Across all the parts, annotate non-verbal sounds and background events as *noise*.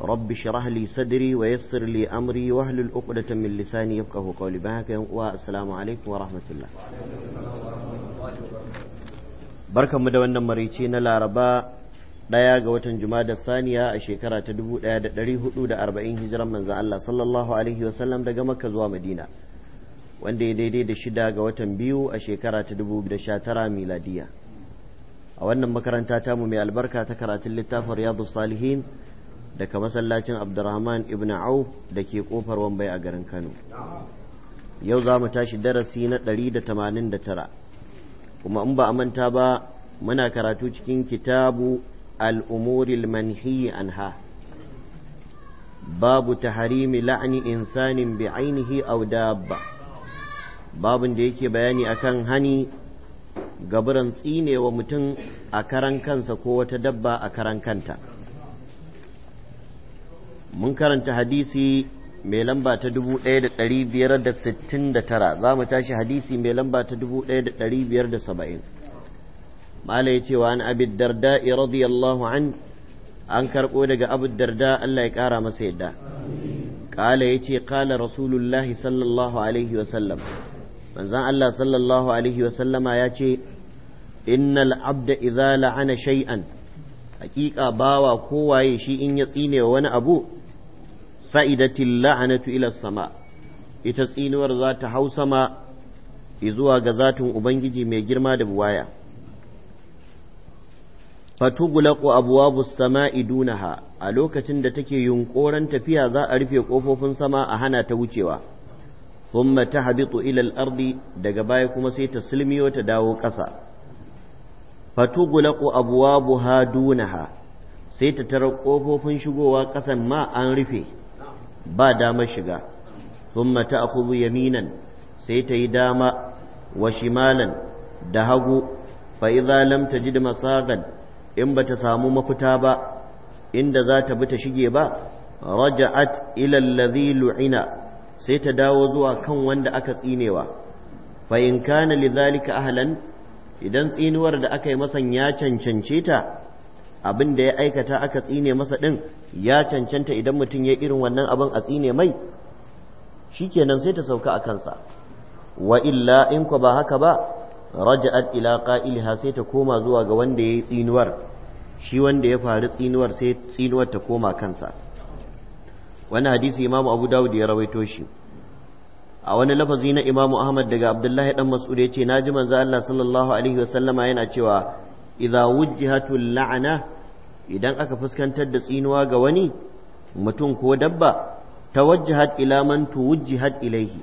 رب شرح لي صدري ويسر لي أمري وهل الأقدة من لساني يفقه قولي بهك والسلام عليكم ورحمة الله بركة مدونة مريتين العرباء daya ga watan da saniya a shekara ta arba'in hijiran manzo Allah sallallahu alaihi wasallam daga Makka zuwa Madina wanda ya daidai da shida ga watan biyu a shekara ta tara miladiya a wannan makaranta tamu mai albarka ta karatun littafin Riyadus Salihin daga masallacin abdurrahman ibn Au da ke kofar wambai a garin kano yau za mu tashi darasi na 189 kuma in ba a manta ba muna karatu cikin kitabu al'umuril manhi anha babu ta harimi la'ani insanin bi ainihi aw dabba babin da yake bayani akan hani gaburan tsinewa mutum a karan kansa ko wata dabba a karan kanta mun karanta hadisi mai lamba ta 1569 za mu tashi hadisi mai lamba ta 1570 mala ya cewa an abin darda radiyallahu an an karɓo daga abu darda Allah ya ƙara masa yadda ƙala ya ce ƙala rasulullahi sallallahu alaihi wasallam manzan Allah sallallahu alaihi wasallama ya ce innal abda idza la'ana shay'an hakika bawa kowaye shi in ya tsine wani abu sa'idatin la'anatu ila sama ita tsinuwar za ta hau sama zuwa ga zatin ubangiji mai girma da buwaya fatugulaqu abwabu sama'i dunaha a lokacin da take yunkoran tafiya za a rufe ƙofofin sama a hana ta wucewa thumma ta ila ilal ardi daga baya kuma sai ta silmiyo ta dawo ƙasa fatu-gulaƙu fatugulaqu abwabuha dunaha sai ta tarar ƙofofin shigowa ƙasan ma an rufe ba damar shiga thumma ta'khudhu yaminan sai ta yi dama wa shimalan da hagu fa idza lam tajid masagan in ta samu mafita ba inda za ta bi ta shige ba raja'at ila alladhi lu'ina sai ta dawo zuwa kan wanda aka tsinewa fa in kana lidhalika ahlan idan tsinuwar da aka yi masan ya cancance ta abin da ya aikata aka tsine masa ɗin ya cancanta idan mutum ya irin wannan abin a tsine mai shi shikenan sai ta sauka a kansa wa illa in ko ba haka ba raja'at ila qa'ilha sai ta koma zuwa ga wanda yayi tsinuwar shi wanda ya faru tsinuwar sai tsinuwar ta koma kansa wani hadisi imamu abu dawud ya rawaito shi a wani lafazi na imamu ahmad daga abdullahi dan mas'ud ya ce naji manzo Allah sallallahu alaihi wasallama yana cewa idza wujjihatul la'ana idan aka fuskantar da tsinuwa ga wani mutum ko dabba tawajjahat ila man tuwajjihat ilaihi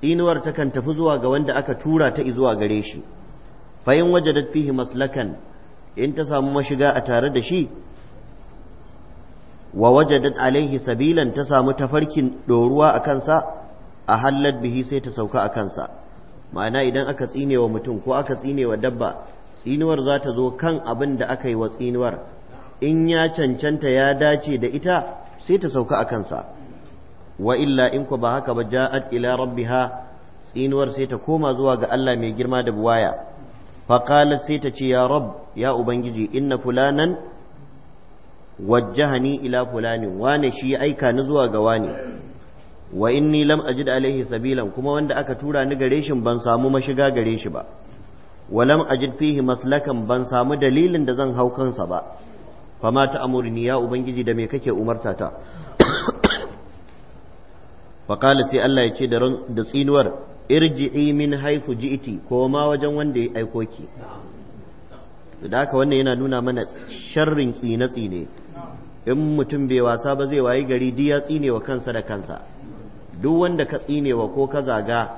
tsinuwar takan tafi zuwa ga wanda aka tura ta zuwa gare shi fa in wajadat fihi maslakan in ta samu mashiga a tare da shi wa wajadat alaihi sabilan ta samu tafarkin ɗoruwa a kansa a hallar bihi sai ta sauka a kansa ma'ana idan aka tsinewa mutum ko aka tsinewa dabba tsinuwar za ta zo kan abin da aka yi wa tsinuwar in ya cancanta ya dace da ita sai ta sauka a kansa wa illa in ku ba haka ba ja'at ila rabbiha tsinuwar sai ta koma zuwa ga Allah mai girma da buwaya faqalat sai ta ce ya rabb ya ubangiji inna fulanan wajjahani ila fulani wane shi ya aika ni zuwa ga wane wa inni lam ajid alaihi sabilan kuma wanda aka tura ni gare shi ban samu mashiga gare shi ba wa lam ajid fihi maslakan ban samu dalilin da zan hau kansa ba fama ta Amurini ya ubangiji da me kake umarta ta faƙala sai Allah ya ce da tsinuwar irji'i min haifu ji'iti ko ma wajen wanda ya aiko ki da haka wannan yana nuna mana sharrin tsine-tsine in mutum bai wasa ba zai wayi gari diya tsine wa kansa da kansa duk wanda ka tsinewa ko ka zaga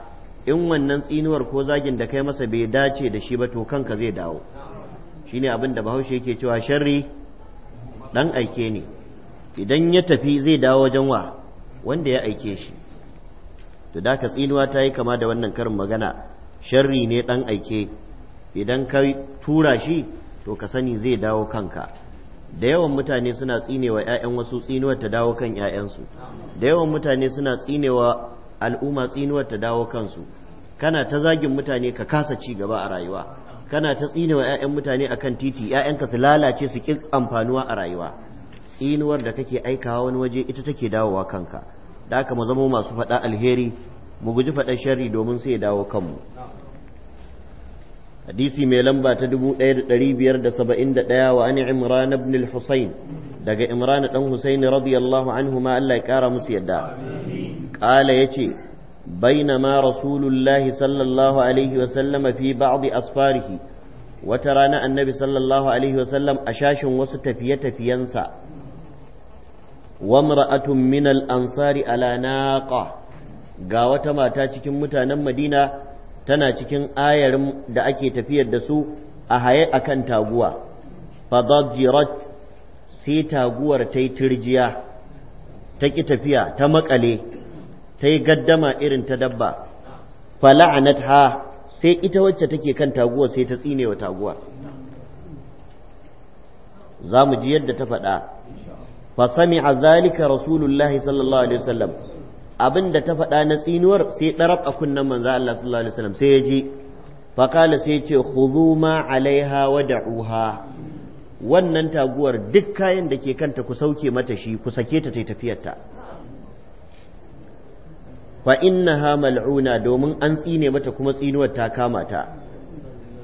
in wannan tsinuwar ko zagin da kai masa bai dace da shi ba to kanka zai dawo shine abin da bahaushe yake cewa sharri dan aike ne idan ya tafi zai dawo wajen wa wanda ya aike shi to da ka tsinuwa ta yi kama da wannan karin magana sharri ne dan aike idan ka tura shi to ka sani zai dawo kanka da yawan mutane suna tsinewa 'ya'yan wasu tsinuwar ta dawo kan 'ya'yansu da yawan mutane suna tsinewa al'umma tsinuwar ta dawo kansu kana ta zagin mutane ka kasa ci gaba a rayuwa kana ta tsine wa 'ya'yan mutane a kan titi 'ya'yanka su lalace su ƙi amfanuwa a rayuwa tsinuwar da kake aikawa wani waje ita take dawowa kanka da haka mu zama masu faɗa alheri mu guji faɗa sharri domin sai dawo kanmu hadisi mai lamba ta 1571 wa ani imran ibn al-husayn daga imran ɗan husayn radiyallahu anhu ma Allah ya kara musu yadda ya ce. بينما رسول الله صلى الله عليه وسلم في بعض أسفاره وترانا النبي صلى الله عليه وسلم أشاش وستفية فينسى وامرأة من الأنصار على ناقة قاوة ما تاتكم متانا مدينة tana cikin ayar da ake tafiyar da su a haye a kan taguwa fadajirat sai taguwar ta yi turjiya ta ƙi tafiya ta makale ta yi gaddama irin ta dabba ha sai ita wacce take kan taguwa sai ta tsine wa taguwa za mu ji yadda ta faɗa fa a zalika rasulullahi sallallahu alaihi wasallam abin da ta faɗa na tsinuwar sai ɗarab a kunnen manzo Allah sallallahu alaihi wasallam sai ya ji fa sai ce khudhu ma alaiha wa da'uha wannan taguwar duk kayan da ke kanta ku sauke mata shi ku sake ta tafiyarta fa innaha mal'una domin an tsine mata kuma tsinuwar ta kama ta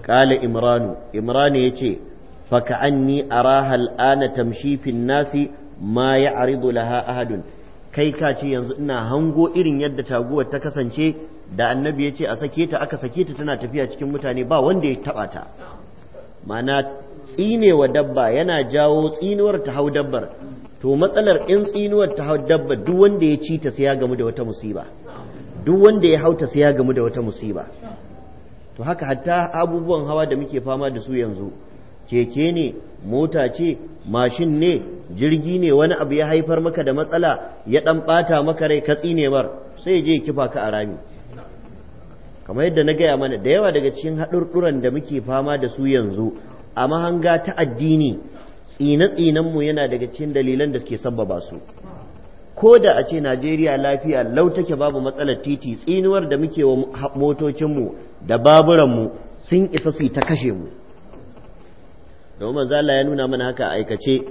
qala imranu imranu yace fa ka'anni araha al'ana tamshi fin nasi ma ya'ridu laha ahadun kai ka ce yanzu ina hango irin yadda taguwar ta kasance da annabi ya ce a sake ta aka sake ta tana tafiya cikin mutane ba wanda ya taba ta mana tsinewa dabba yana jawo tsinuwar ta hau dabbar to matsalar in tsinuwar ta hau dabbar duk wanda ya ci ta sai ya gamu da wata musiba duk wanda ya hauta sai ya gamu da wata musiba to haka hatta abubuwan hawa da muke fama da su yanzu keke ne mota ce mashin ne jirgi ne wani abu ya haifar maka da matsala ya dan bata maka rai ka tsine mar sai je kifa ka a rami kamar yadda na gaya mana da yawa daga cikin haɗurɗuran da muke fama da su yanzu a mahanga ta addini tsine-tsinenmu yana daga cikin dalilan da ke sabbaba su ko da a ce Najeriya lafiya lau take babu matsalar titi tsinuwar da muke wa motocinmu da baburanmu sun isa su ta kashe mu domin manzo ya nuna mana haka aikace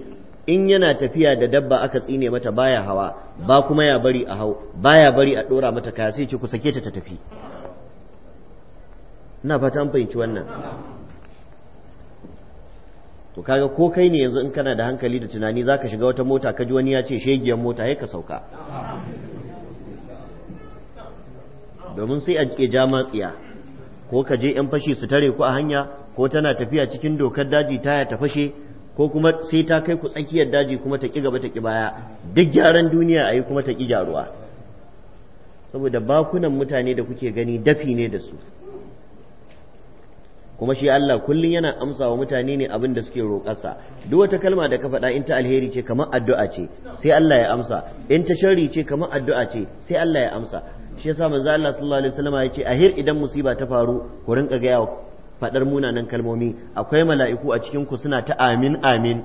in yana tafiya da dabba aka tsine mata baya hawa ba kuma ya bari a hau baya bari a dora mata kaya sai ce ku sake ta ta tafi ina fata an fahimci wannan to kaga ko kai ne yanzu in kana da hankali da tunani za ka shiga wata mota ka ji wani ya ce shegiyar mota ya ka sauka domin sai a ja matsiya ko ka je yan fashi su tare ku a hanya ko tana tafiya cikin dokar daji taya ta fashe ko kuma sai ta kai ku tsakiyar daji kuma ta ki gaba ta ki baya duk gyaran duniya a yi kuma ta ki gyaruwa saboda bakunan mutane da kuke gani dafi ne da su kuma shi Allah kullun yana amsa wa mutane ne abin da suke roƙarsa duk wata kalma da ka faɗa in ta alheri ce kamar addu'a ce sai Allah ya amsa in ta sharri ce kamar addu'a ce sai Allah ya amsa shi yasa manzo Allah sallallahu alaihi wasallam ya ce a ahir idan musiba ta faru ku rinka ga faɗar munanan kalmomi akwai mala'iku a cikin ku suna ta amin amin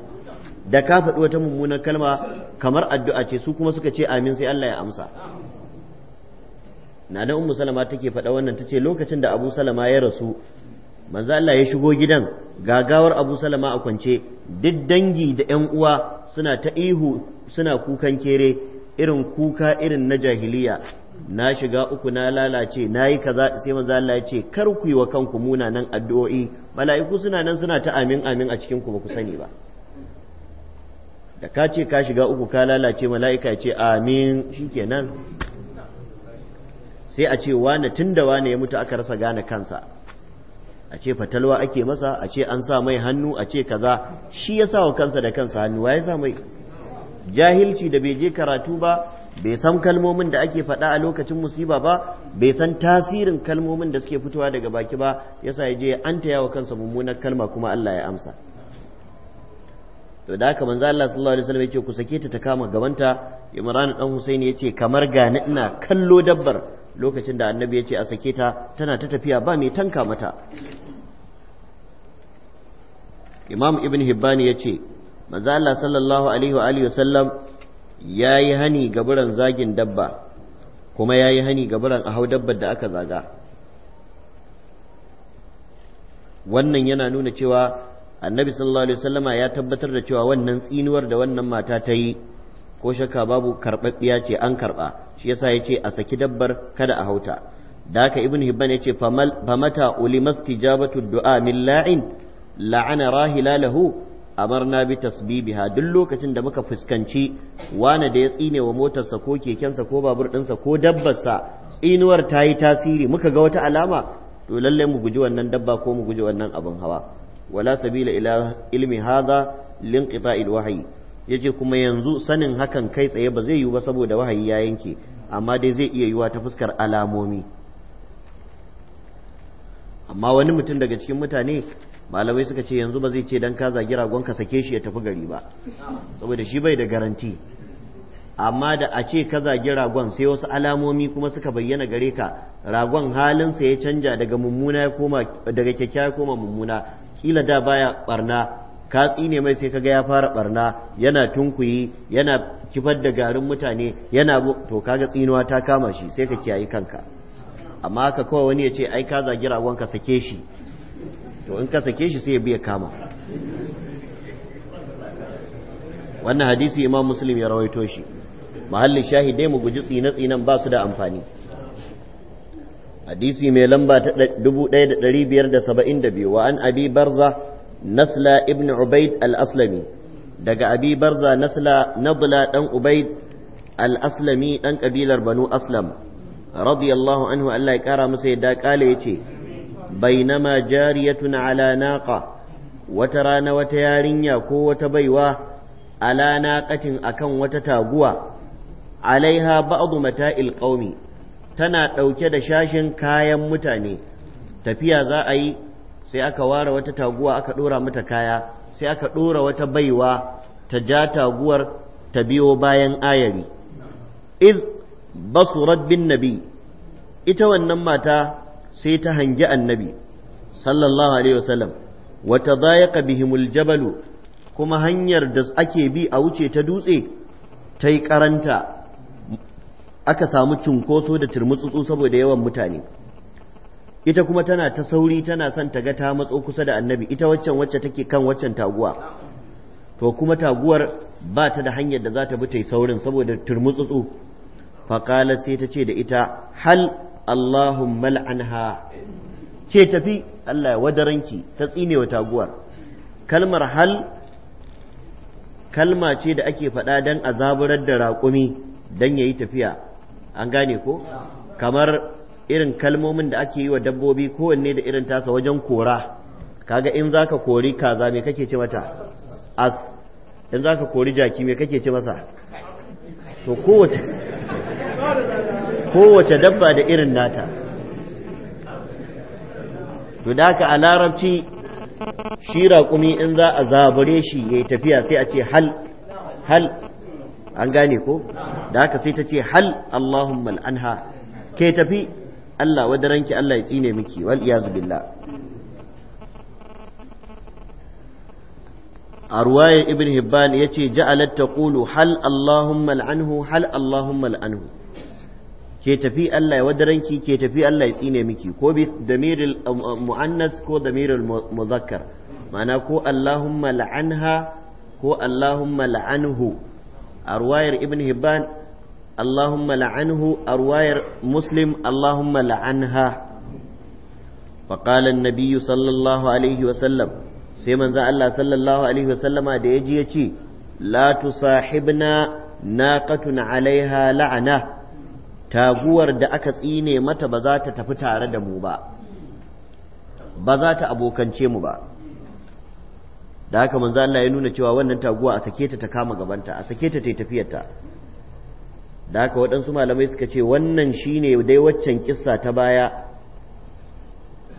da ka faɗi wata mummunan kalma kamar addu'a ce su kuma suka ce amin sai Allah ya amsa na da ummu salama take faɗa wannan tace lokacin da abu salama ya rasu manzo Allah ya shigo gidan gagawar Abu Salama a kwance duk dangi da ƴan uwa suna ta ihu suna kukan kere irin kuka irin na jahiliya na shiga uku na lalace na yi kaza sai manzo Allah ya ce kar ku yi wa kanku munanan addu'o'i mala'iku suna nan suna ta amin amin a cikin ku ba ku sani ba da ka ce ka shiga uku ka lalace mala'ika ya ce amin shikenan sai a ce wane tunda wane ya mutu aka rasa gane kansa a ce fatalwa ake masa a ce an sa mai hannu a ce kaza shi ya sa wa kansa da kansa hannu ya sa mai jahilci da bai je karatu ba bai san kalmomin da ake faɗa a lokacin musiba ba bai san tasirin kalmomin da suke fitowa daga baki ba yasa ya je an taya wa kansa mummunar kalma kuma Allah ya amsa to da haka manzo Allah sallallahu alaihi wasallam ce ku sake ta ta kama gabanta Imran dan Husaini ce kamar ga ina kallo dabbar lokacin da annabi ya ce a sake ta tana ta tafiya ba mai tanka mata imam ibn Hibbani ya ce manzo Allah sallallahu alaihi wa alihi wasallam yi hani ga zagin dabba kuma ya yi hani ga a hau dabbar da aka zaga wannan yana nuna cewa annabi sallallahu alaihi wasallama ya tabbatar da cewa wannan tsinuwar da wannan mata ta yi ko shakka babu karɓaɓɓiya ce an karɓa shi yasa ya ce a saki dabbar kada a hauta da haka ibn hibban ya ce famata uli mastijabatu du'a min la'in la'ana rahila lahu amarna bi tasbibiha duk lokacin da muka fuskanci wane da ya tsine wa motarsa ko kekensa ko babur ɗinsa ko dabbarsa tsinuwar ta yi tasiri muka ga wata alama to lallai mu guji wannan dabba ko mu guji wannan abin hawa wala sabila ila ilmi hadha linqita'il wahyi ya ce kuma yanzu sanin hakan kai tsaye ba zai yiwu ba saboda wahayi ya yanke amma dai zai iya yiwa ta fuskar alamomi amma wani mutum daga cikin mutane malamai suka ce yanzu ba zai ce dan ka zagi ragon ka sake shi ya tafi gari ba saboda shi bai da garanti amma da a ce ka zagi ragon sai wasu alamomi kuma suka bayyana gare ka ragon halinsa ya canja daga mummuna ya koma daga kyakkyawa ya koma mummuna kila da baya barna ka tsine mai sai kaga ya fara barna yana tunkuyi yana kifar da garin mutane yana to kaga tsinuwa ta kama shi sai ka kiyayi kanka amma haka kawai wani ya ce ai ka zagi ragon ka sake shi to in ka sake shi sai ya biya kama wannan hadisi imam muslim ya rawaito shi mahallin shahidai mu guji tsine-tsinen ba su da amfani hadisi mai lamba ta 1572 wa an abi barza nasla ibn ubaid al-aslami daga abi barza nasla nabla dan ubaid al-aslami dan kabilar banu aslam radiyallahu anhu Allah ya kara masa yadda kale yace bainama jariyatun ala naqa wata rana wata yarinya ko wata baiwa ala katin akan wata taguwa alaiha ba'du mata'il qaumi tana dauke da shashin kayan mutane tafiya za a yi sai aka ware wata taguwa aka ɗora mata kaya sai aka ɗora wata baiwa ta ja taguwar ta biyo bayan ayari iz basurat bin nabi ita wannan mata sai ta hangi annabi sallallahu alaihi wasallam wata zayaqa bihimul jabalu kuma hanyar da ake bi a wuce ta dutse ta yi karanta aka samu cunkoso da turmutsutsu saboda yawan mutane ita kuma tana ta sauri tana son ta ga ta matso kusa da annabi ita waccan wacce take kan waccan taguwa to kuma taguwar ba ta da hanyar da za ta bi ta yi saurin saboda turmutsutsu faƙalar sai ta ce da ita hal allahumma la'anha ke tafi allah ya wadaranki ta tsine wa taguwar kalmar hal kalma ce da ake faɗa don azaburar da raƙumi don ya yi tafiya an gane ko kamar irin kalmomin da ake yi wa dabbobi kowanne da irin tasa wajen kora kaga in za ka kori kaza me kake ce mata as in za ka kori jaki me kake ce masa to kowace kowace dabba da irin nata to da ka a larabci shi raƙumi in za a zabare shi ya yi tafiya sai a ce hal hal an gane ko da haka sai ta ce hal allahumma al'anha ke tafi Allah wadaranki Allah ya tsine miki wal iyazu billah a ruwayar ibn hibban yace ce ja'alat taqulu hal allahumma al'anhu hal allahumma al'anhu ke tafi Allah ya wadaranki ke tafi Allah ya tsine miki ko bi damiril um, um, muannas ko damiril muzakkar ma'ana ko allahumma la'anha ko allahumma la'anhu a ibn hibban Allahumma la'anhu a ruwayar Muslim Allahumma la'anha wa qala an sallallahu alaihi wa sallam sai manzo Allah sallallahu alaihi wa sallama da yaji yace la tusahibna naqatun alaiha la'ana taguwar da aka tsine mata ba za ta tafi tare da mu ba ba za ta abokance mu ba da haka manzo Allah ya nuna cewa wannan taguwa a sake ta ta kama gabanta a sake ta ta tafiyarta da haka waɗansu malamai suka ce wannan shine dai waccan kissa ta baya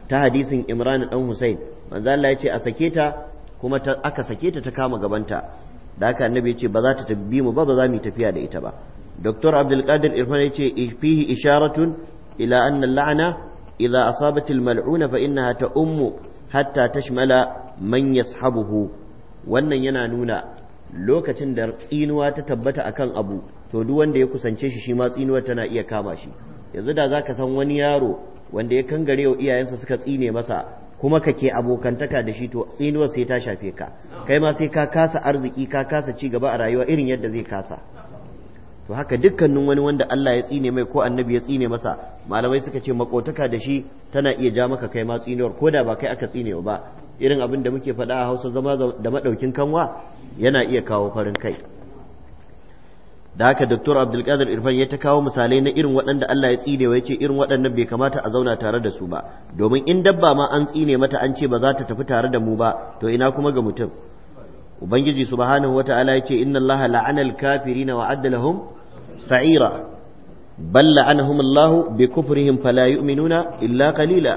ta hadisin imran dan husain manzo Allah ya ce a sake ta kuma aka sake ta ta kama gabanta da haka annabi ya ce ba za ta tabbi mu ba ba za mu tafiya da ita ba Dr. Abdul Qadir Irfan ya ce fihi isharatun ila anna la'ana idza asabat al-mal'una fa innaha ummu hatta tashmala man yashabuhu wannan yana nuna lokacin da tsinuwa ta tabbata akan abu to duk wanda ya kusance shi shi ma tsinuwar tana iya kama shi yanzu da za ka san wani yaro wanda ya kangare wa iyayensa suka tsine masa kuma ka ke abokantaka da shi to tsinuwar sai ta shafe ka kai ma sai ka kasa arziki ka kasa ci gaba a rayuwa irin yadda zai kasa to haka dukkanin wani wanda Allah ya tsine mai ko annabi ya tsine masa malamai suka ce makotaka da shi tana iya ja maka kai ma tsinuwar ko da ba kai aka tsine ba irin abin da muke faɗa a Hausa zama da madaukin kanwa yana iya kawo farin kai da haka Dr. Abdulkadir Irfan ya ta kawo misalai na irin waɗanda Allah ya tsine wa yace irin waɗannan bai kamata a zauna tare da su ba domin in dabba ma an tsine mata an ce ba za ta tafi tare da mu ba to ina kuma ga mutum ubangiji subhanahu wata'ala yace inna Allaha la'anal kafirina wa adda lahum sa'ira bal la'anahum Allahu bi kufrihim fala yu'minuna illa qalila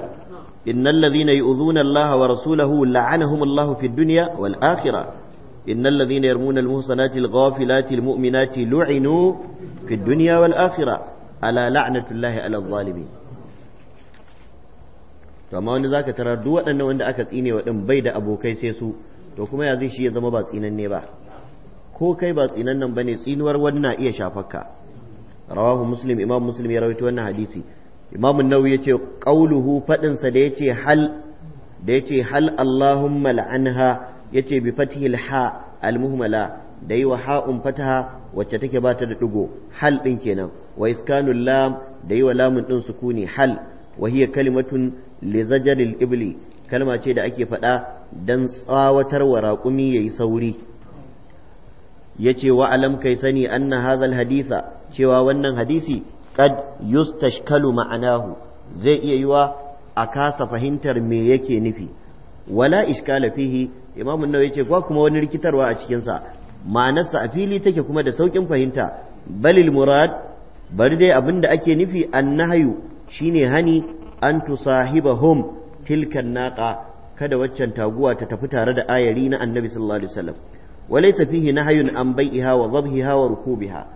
innal ladhina yu'dhuna Allaha wa rasulahu la'anahum Allahu fid dunya wal akhirah إن الذين يرمون المحصنات الغافلات المؤمنات لعنوا في الدنيا والآخرة ألا لعنة الله على الظالمين to amma wani zaka tarar duk waɗannan wanda aka tsine wa ɗin bai da abokai sai su to kuma ya zai shi ya zama ba tsinanne ba ko kai ba tsinan tsinannan bane tsinuwar wani na iya shafakka rawahu muslim imam muslim ya rawaito wannan hadisi imam an-nawawi yace qauluhu fadin sa da yace hal da yace hal allahumma la'anha yace bi fathil ha almuhmala da yi wa ha'un fataha wacce take ba ta da digo hal din kenan wa iskanul lam da yi wa lamun din sukuni hal wa hiya kalimatun li zajaril ibli kalma ce da ake faɗa dan tsawatar wa raƙumi yayi sauri yace wa alam kai sani anna hadhal haditha cewa wannan hadisi kad yustashkalu ma'anahu zai iya yiwa a kasa fahimtar me yake nufi wala iskala fihi imam an-nawawi yace ba kuma wani rikitarwa a cikinsa, sa ma'anarsa a fili take kuma da saukin fahimta balil murad bari dai abinda ake nufi annahyu shine hani an tusahibahum tilkan naƙa, kada waccan taguwa ta tafi tare da ayari na annabi sallallahu alaihi wasallam walaysa fihi nahyun an bai'iha wa dhabhiha wa rukubiha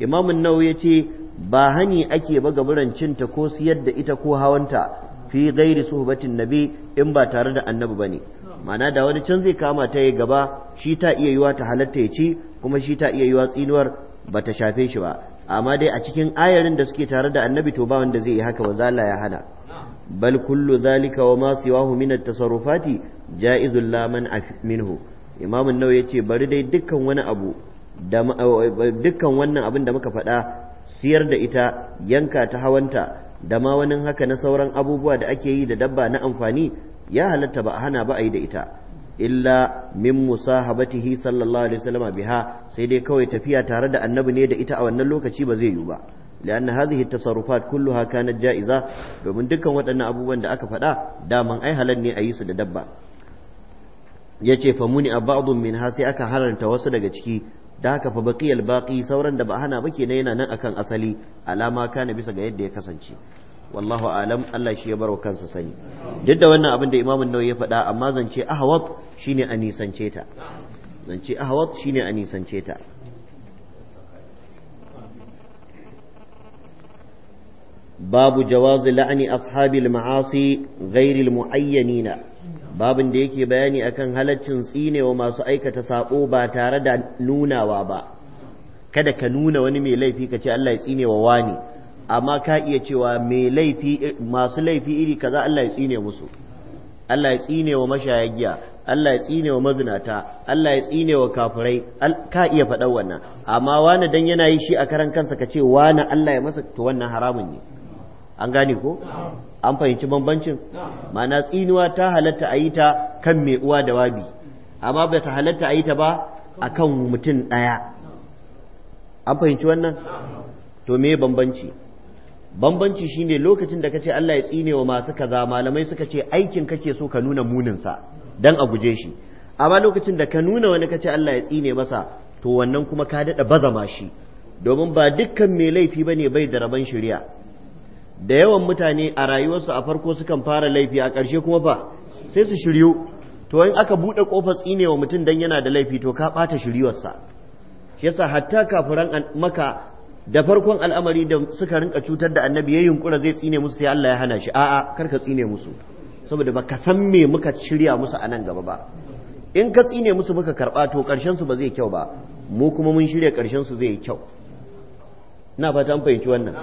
imam an-nawawi yace ba hani ake ba gaburan cinta ko siyar da ita ko hawanta fi gairi suhbatin nabi in ba tare da annabi ba ne ma'ana da wani can zai kama ta yi gaba shi ta iya yiwa ta halatta ya ci kuma shi ta iya yiwa tsinuwar ba ta shafe shi ba amma dai a cikin ayarin da suke tare da annabi to ba wanda zai yi haka wa zala ya hana bal kullu zalika wa ma siwahu min at-tasarrufati jaizul la man minhu imam an-nawawi yace bari dai dukkan wani abu da dukkan wannan abin da muka faɗa siyar da ita yanka ta hawanta da ma wani haka na sauran abubuwa da ake yi da dabba na amfani ya halatta ba a hana ba a yi da ita illa min musahabatihi sallallahu alaihi wasallam biha sai dai kawai tafiya tare da annabi ne da ita a wannan lokaci ba zai yiwu ba l'anna hadhihi tasarrufat kulluha kanat Jaiza, domin dukkan waɗannan abubuwan da aka faɗa daman ai halal ne a yi su da dabba yace fa muni a ba'dun min sai aka haranta wasu daga ciki da haka fa baqiyal baqi sauran da ba hana ba kenan yana nan akan asali alama kana bisa ga yadda ya kasance wallahu alam Allah shi ya barwa kansa sani duk da wannan abin da Imam Nawawi ya faɗa amma zance ahwat shine a nisance ta zance ahwat shine a nisance ta babu jawazi la'ani ashabil ma'asi ghairil mu'ayyanina babin da yake bayani akan halaccin tsinewa masu aikata saƙo ba tare da nunawa ba kada ka nuna wani mai laifi ka ce Allah ya tsinewa wani amma ka iya cewa mai laifi masu laifi iri kaza Allah ya tsine musu Allah ya tsinewa mashayagiya Allah ya tsinewa mazinata Allah ya tsinewa kafirai ka iya faɗar wannan amma wani dan yana yi shi a karan kansa ka ce wani Allah ya masa to wannan haramun ne an gane ko an fahimci bambancin ma'ana tsinuwa ta halatta a yi ta kan mai uwa da wabi amma ba ta halatta a yi ta ba a kan mutum ɗaya an fahimci wannan to me bambanci bambanci shine lokacin da ka ce Allah ya tsine wa masu kaza malamai suka ce aikin kake so ka nuna muninsa don a guje shi amma lokacin da ka nuna wani ka ce Allah ya tsine masa to wannan kuma ka daɗa bazama shi domin ba dukkan mai laifi ba ne bai da rabon shari'a da yawan mutane a rayuwarsu a farko sukan fara laifi a ƙarshe kuma fa sai su shiryu to in aka buɗe ƙofar tsinewa mutum don yana da laifi to ka ɓata shiryarsa shi yasa hatta kafiran maka da farkon al'amari da suka rinka cutar da annabi ya yunkura zai tsine musu sai Allah ya hana shi a'a kar ka tsine musu saboda baka san me muka shirya musu a nan gaba ba in ka tsine musu muka karba to ƙarshen su ba zai kyau ba mu kuma mun shirya karshen su zai yi kyau na fata an fahimci wannan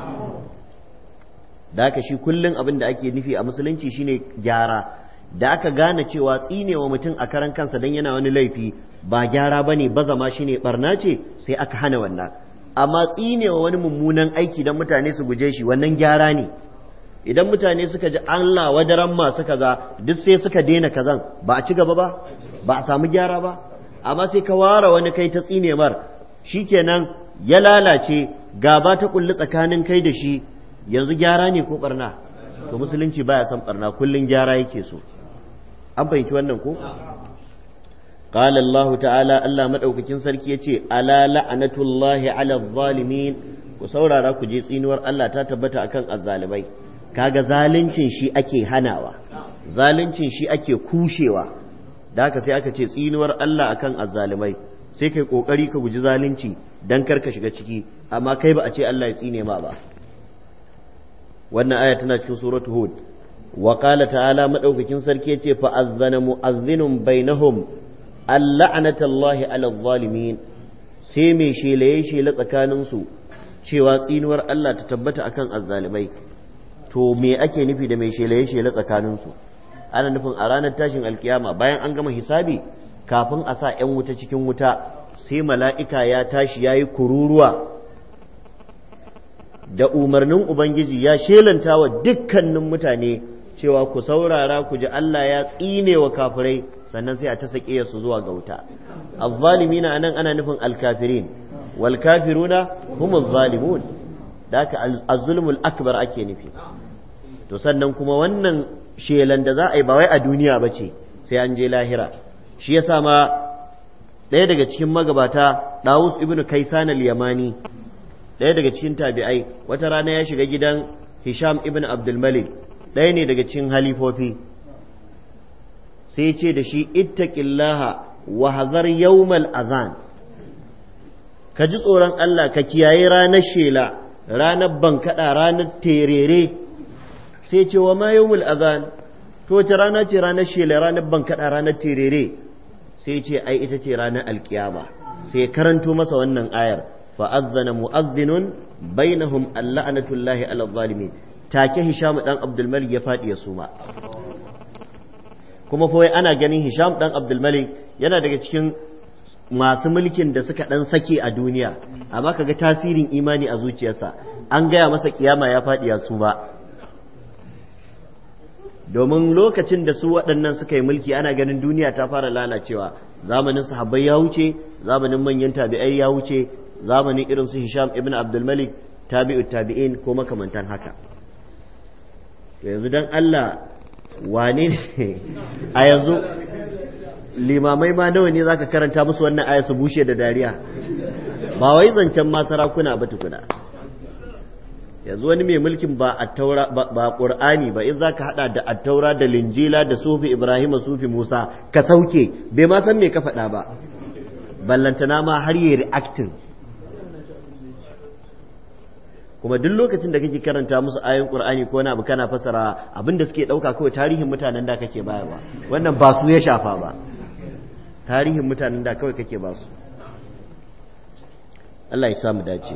da aka shi kullum abin da ake nufi a musulunci shine gyara da aka gane cewa tsinewa mutum a karan kansa don yana wani laifi ba gyara ba ne bazama shi ne barna ce sai aka hana wannan amma tsinewa wani mummunan aiki don mutane su guje shi wannan gyara ne idan mutane suka ji Allah wadaran masu kaza duk sai suka daina kazan ba a ci gaba ba ba a samu gyara ba amma sai ka ware wani kai ta tsinemar shikenan ya lalace gaba ta kulli tsakanin kai da shi Yanzu gyara ne ko barna? Ka musulunci baya ya son barna kullum gyara yake so. An fahimci wannan ku? Alayyahu ta'ala Allah maɗaukakin Sarki ce alale anatullahi alamu'alimin ku saurara ku je tsinuwar Allah ta tabbata akan a zalumai. Ka ga zaluncin shi ake hanawa wa. Zaluncin shi ake kushewa. Da ka sai aka ce tsinuwar Allah akan a sai kai ƙoƙari ka guji zalunci dan kar ka shiga ciki amma kai ba a ce Allah ya tsine ma ba. wannan aya tana cikin suratu hud wa qala ta'ala madaukakin sarki yace fa azzana mu'azzinun bainahum al'anatallahi ala adh-dhalimin sai mai shi shela tsakanin su cewa tsinuwar Allah ta tabbata akan azzalimai to me ake nufi da mai shi shela tsakanin su ana nufin a ranar tashin alkiyama bayan an gama hisabi kafin a sa 'yan wuta cikin wuta sai mala'ika ya tashi ya yi kururuwa da umarnin ubangiji ya shelanta wa dukkanin mutane cewa ku saurara ku ji Allah ya tsine wa kafirai sannan sai a ta sake su zuwa ga wuta azzalimina anan ana nufin alkafirin wal kafiruna humuz zalimun daka azzulmul akbar ake nufi to sannan kuma wannan shelan da za a yi ba wai a duniya ba ce sai an je lahira shi ya ma ɗaya daga cikin magabata dawus ibnu kaisan al-yamani ɗaya daga cikin tabi'ai wata rana ya shiga gidan hisham ibn abdulmalik ɗaya ne daga cikin halifofi sai ce da shi ittaqillaha wa hazar yawmal azan ka ji tsoron Allah ka kiyaye ranar shela ranar bankaɗa ranar terere sai ce wa ma yawmul azan to wace rana ce ranar shela ranar bankaɗa ranar terere sai ce ai ita ce ranar alkiyama sai karanto masa wannan ayar فأذن مؤذن بينهم اللعنة الله على الظالمين take Hisham dan Abdulmalik ya fadi ya suma kuma fa ana ganin Hisham dan Abdulmalik yana daga cikin masu mulkin da suka dan sake a duniya amma kaga tasirin imani a zuciyarsa an gaya masa kiyama ya fadi ya suma domin lokacin da su waɗannan suka yi mulki ana ganin duniya ta fara lalacewa zamanin sahabbai ya wuce zamanin manyan tabi'ai ya wuce zamani irin su Hisham ibn Abdul Malik tabi'u tabi'in ko makamantan haka yanzu dan Allah wane ne a yanzu limamai ma nawa ne zaka karanta musu wannan aya su bushe da dariya ba wai zancen ma sarakuna ba tukuna yanzu wani mai mulkin ba a taura ba qur'ani ba in zaka hada da attaura da linjila da sufi ibrahim sufi musa ka sauke bai ma san me ka faɗa ba ballantana ma har yi reacting kuma duk lokacin da kake karanta musu ayoyin qur'ani ko na abu kana fasara abin da suke dauka kawai tarihin mutanen da kake bayarwa wannan ba su ya shafa ba tarihin mutanen da kawai kake ba su Allah ya samu dace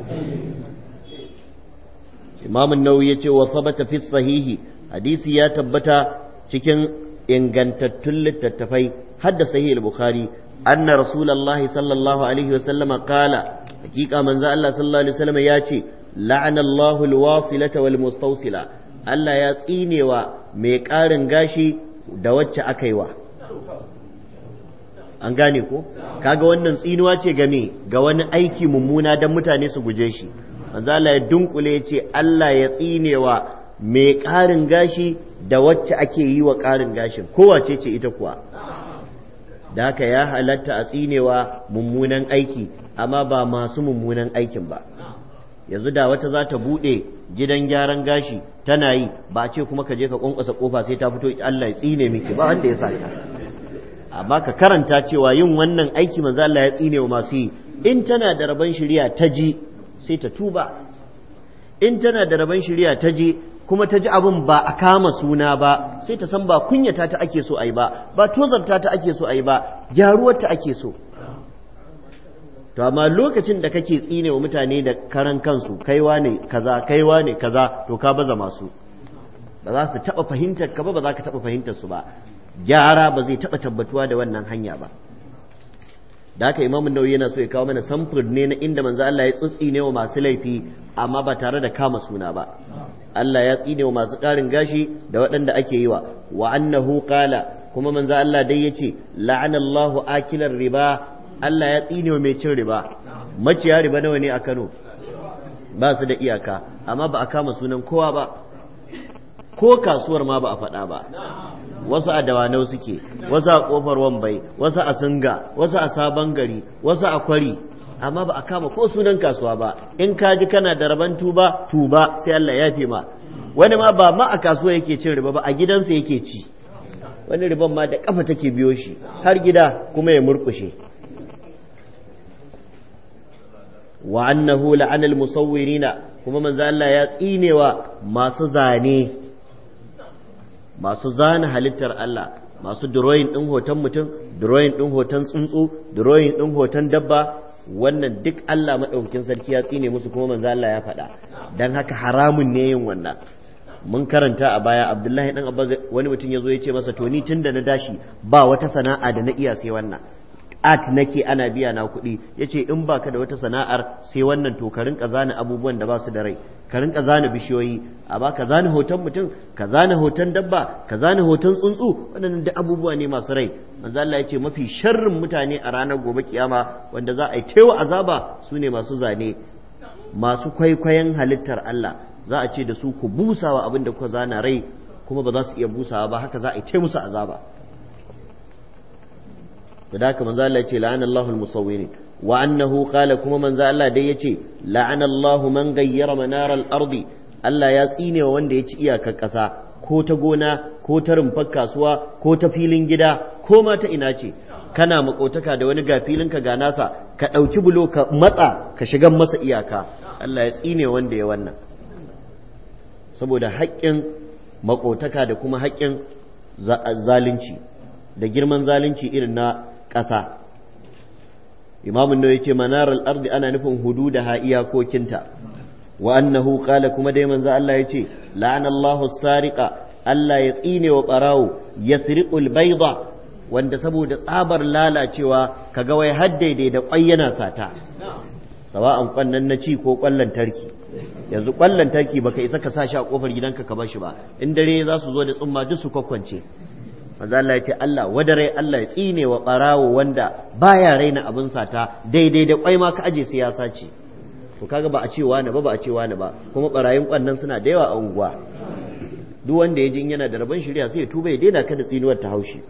Imam an-Nawawi yace wa sabata fi sahihi hadisi ya tabbata cikin ingantattun littattafai hadda sahih al-bukhari anna rasulullahi sallallahu alaihi wa sallama qala hakika manzo Allah sallallahu alaihi ya yace لعن الله الواصلة wal ألا Allah ya tsinewa mai ƙarin an gane ko kaga wannan tsinuwa ce game ga wani aiki mummuna don mutane su guje shi manzo Allah ya dunkule ya ce Allah ya tsinewa mai ƙarin gashi da wacce ake yi wa ƙarin gashin kowace ce ita kuwa da haka ya halatta a tsinewa mummunan aiki amma ba masu mummunan aikin ba yanzu da wata za ta buɗe gidan gyaran gashi tana yi ba ce kuma ka je ka ƙunƙasa ƙofa sai ta fito Allah ya tsine miki ba wanda ya sa ka amma ka karanta cewa yin wannan aiki manzo Allah ya tsine wa masu yi in tana da rabon shari'a ta ji sai ta tuba in tana da rabon shiriya ta ji kuma ta ji abin ba a kama suna ba sai ta san ba kunyata ta ake so a ba ba tozarta ta ake so a ba gyaruwar ta ake so to amma lokacin da kake tsine wa mutane da karan kansu kaiwa ne kaza kaiwa ne kaza to ka baza masu ba za su taɓa fahimtar ka ba ba za ka taɓa fahimtar su ba gyara ba zai taɓa tabbatuwa da wannan hanya ba da haka imam nawawi yana so ya kawo mana samfur ne na inda manzo Allah ya tsitsine wa masu laifi amma ba tare da kama suna ba Allah ya tsine wa masu karin gashi da waɗanda ake yi wa wa annahu qala kuma manzo Allah dai ya ce, la'anallahu akilar riba Allah ya tsine mai cin riba maciya riba nawa ne a Kano ba su da iyaka amma ba a kama sunan kowa ba ko kasuwar ma ba a faɗa ba wasu a dawanau suke wasu a kofar wambai wasu a singa wasu a sabon gari wasu a kwari amma ba a kama ko sunan kasuwa ba in ka ji kana da raban tuba tuba sai Allah ya fi ma wani ma ba ma a kasuwa yake cin riba ba a gidansa yake ci wani riban ma da kafa take biyo shi har gida kuma ya murkushe wa annahu la'ana al-musawwirina kuma manzo Allah ya tsinewa masu zane masu zana halittar Allah masu drawing din hoton mutum drawing din hoton tsuntsu drawing din hoton dabba wannan duk Allah madaukakin sarki ya tsine musu kuma manzo Allah ya faɗa dan haka haramun ne yin wannan mun karanta a baya Abdullahi dan Abba wani mutum ya zo ya ce masa to ni tun da na dashi ba wata sana'a da na iya sai wannan art nake ana biya na kuɗi yace in baka da wata sana'ar sai wannan to ka rinka zana abubuwan da ba su da rai ka rinka zana bishiyoyi a ba ka zana hoton mutum ka zana hoton dabba ka zana hoton tsuntsu waɗannan da abubuwa ne masu rai manzo Allah ce mafi sharrin mutane a ranar gobe kiyama wanda za a yi tewa azaba su ne masu zane masu kwaikwayon halittar Allah za a ce da su ku busawa abin da kuka zana rai kuma ba za su iya busawa ba haka za a yi musu azaba to da haka manzo Allah ya ce la'ana Allahul musawwirin wa annahu qala kuma manzo Allah dai ya ce la'ana Allahu man gayyara manar al-ardi Allah ya tsine wa wanda ya ci iyakar ƙasa ko ta gona ko ta rumfar kasuwa ko ta filin gida ko ma ta ina ce kana makotaka da wani ga ka ga nasa ka ɗauki bulo ka matsa ka shiga masa iyaka Allah ya tsine wanda ya wannan saboda haƙƙin makotaka da kuma haƙƙin zalunci da girman zalunci irin na ƙasa imamun nawawi ce manarar ardi ana nufin hudu da hududaha iyakokinta wa annahu qala kuma dai manzo Allah yace la'anallahu sariqa Allah ya tsine wa barawo yasriqul bayda wanda saboda tsabar lalacewa kaga wai har daidai da kwai yana sata sawa'an kwannan na ci ko kwallon tarki yanzu kwallon tarki baka isa ka sa shi a ƙofar gidanka ka bashi ba in dare za su zo da tsumma duk su kwakwance manzo Allah ya ce Allah wadare Allah ya tsine wa barawo wanda baya raina abin sata daidai da kwai ma ka aje siyasa ce to kaga ba a ce wani ba ba a ce wani ba kuma barayin kwannan suna da yawa a unguwa duk wanda ya jin yana da rabon shari'a sai ya tuba ya daina kada tsinuwar ta haushi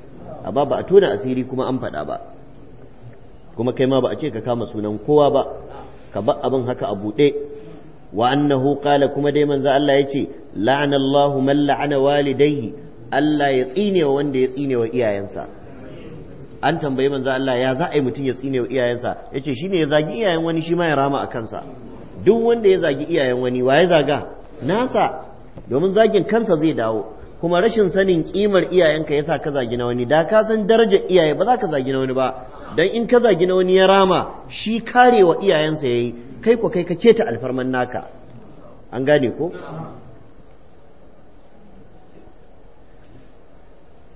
amma ba a tona asiri kuma an faɗa ba kuma kai ma ba a ce ka kama sunan kowa ba ka bar abin haka a buɗe wa annahu qala kuma dai manzo Allah ya ce la'anallahu man la'ana walidayhi Allah ya tsine wanda ya tsinewa wa iyayensa an tambayi manzo Allah ya za a yi mutum ya tsine wa iyayensa yace shine ya zagi iyayen wani shi ma ya rama a kansa duk wanda ya zagi iyayen wani wa ya zaga nasa domin zagin kansa zai dawo kuma rashin sanin kimar iyayenka yasa ka zagi na wani da ka san darajar iyaye ba za ka zagi na wani ba dan in ka zagi na wani ya rama shi karewa iyayensa yayi kai ko kai ka keta alfarman naka an gane ko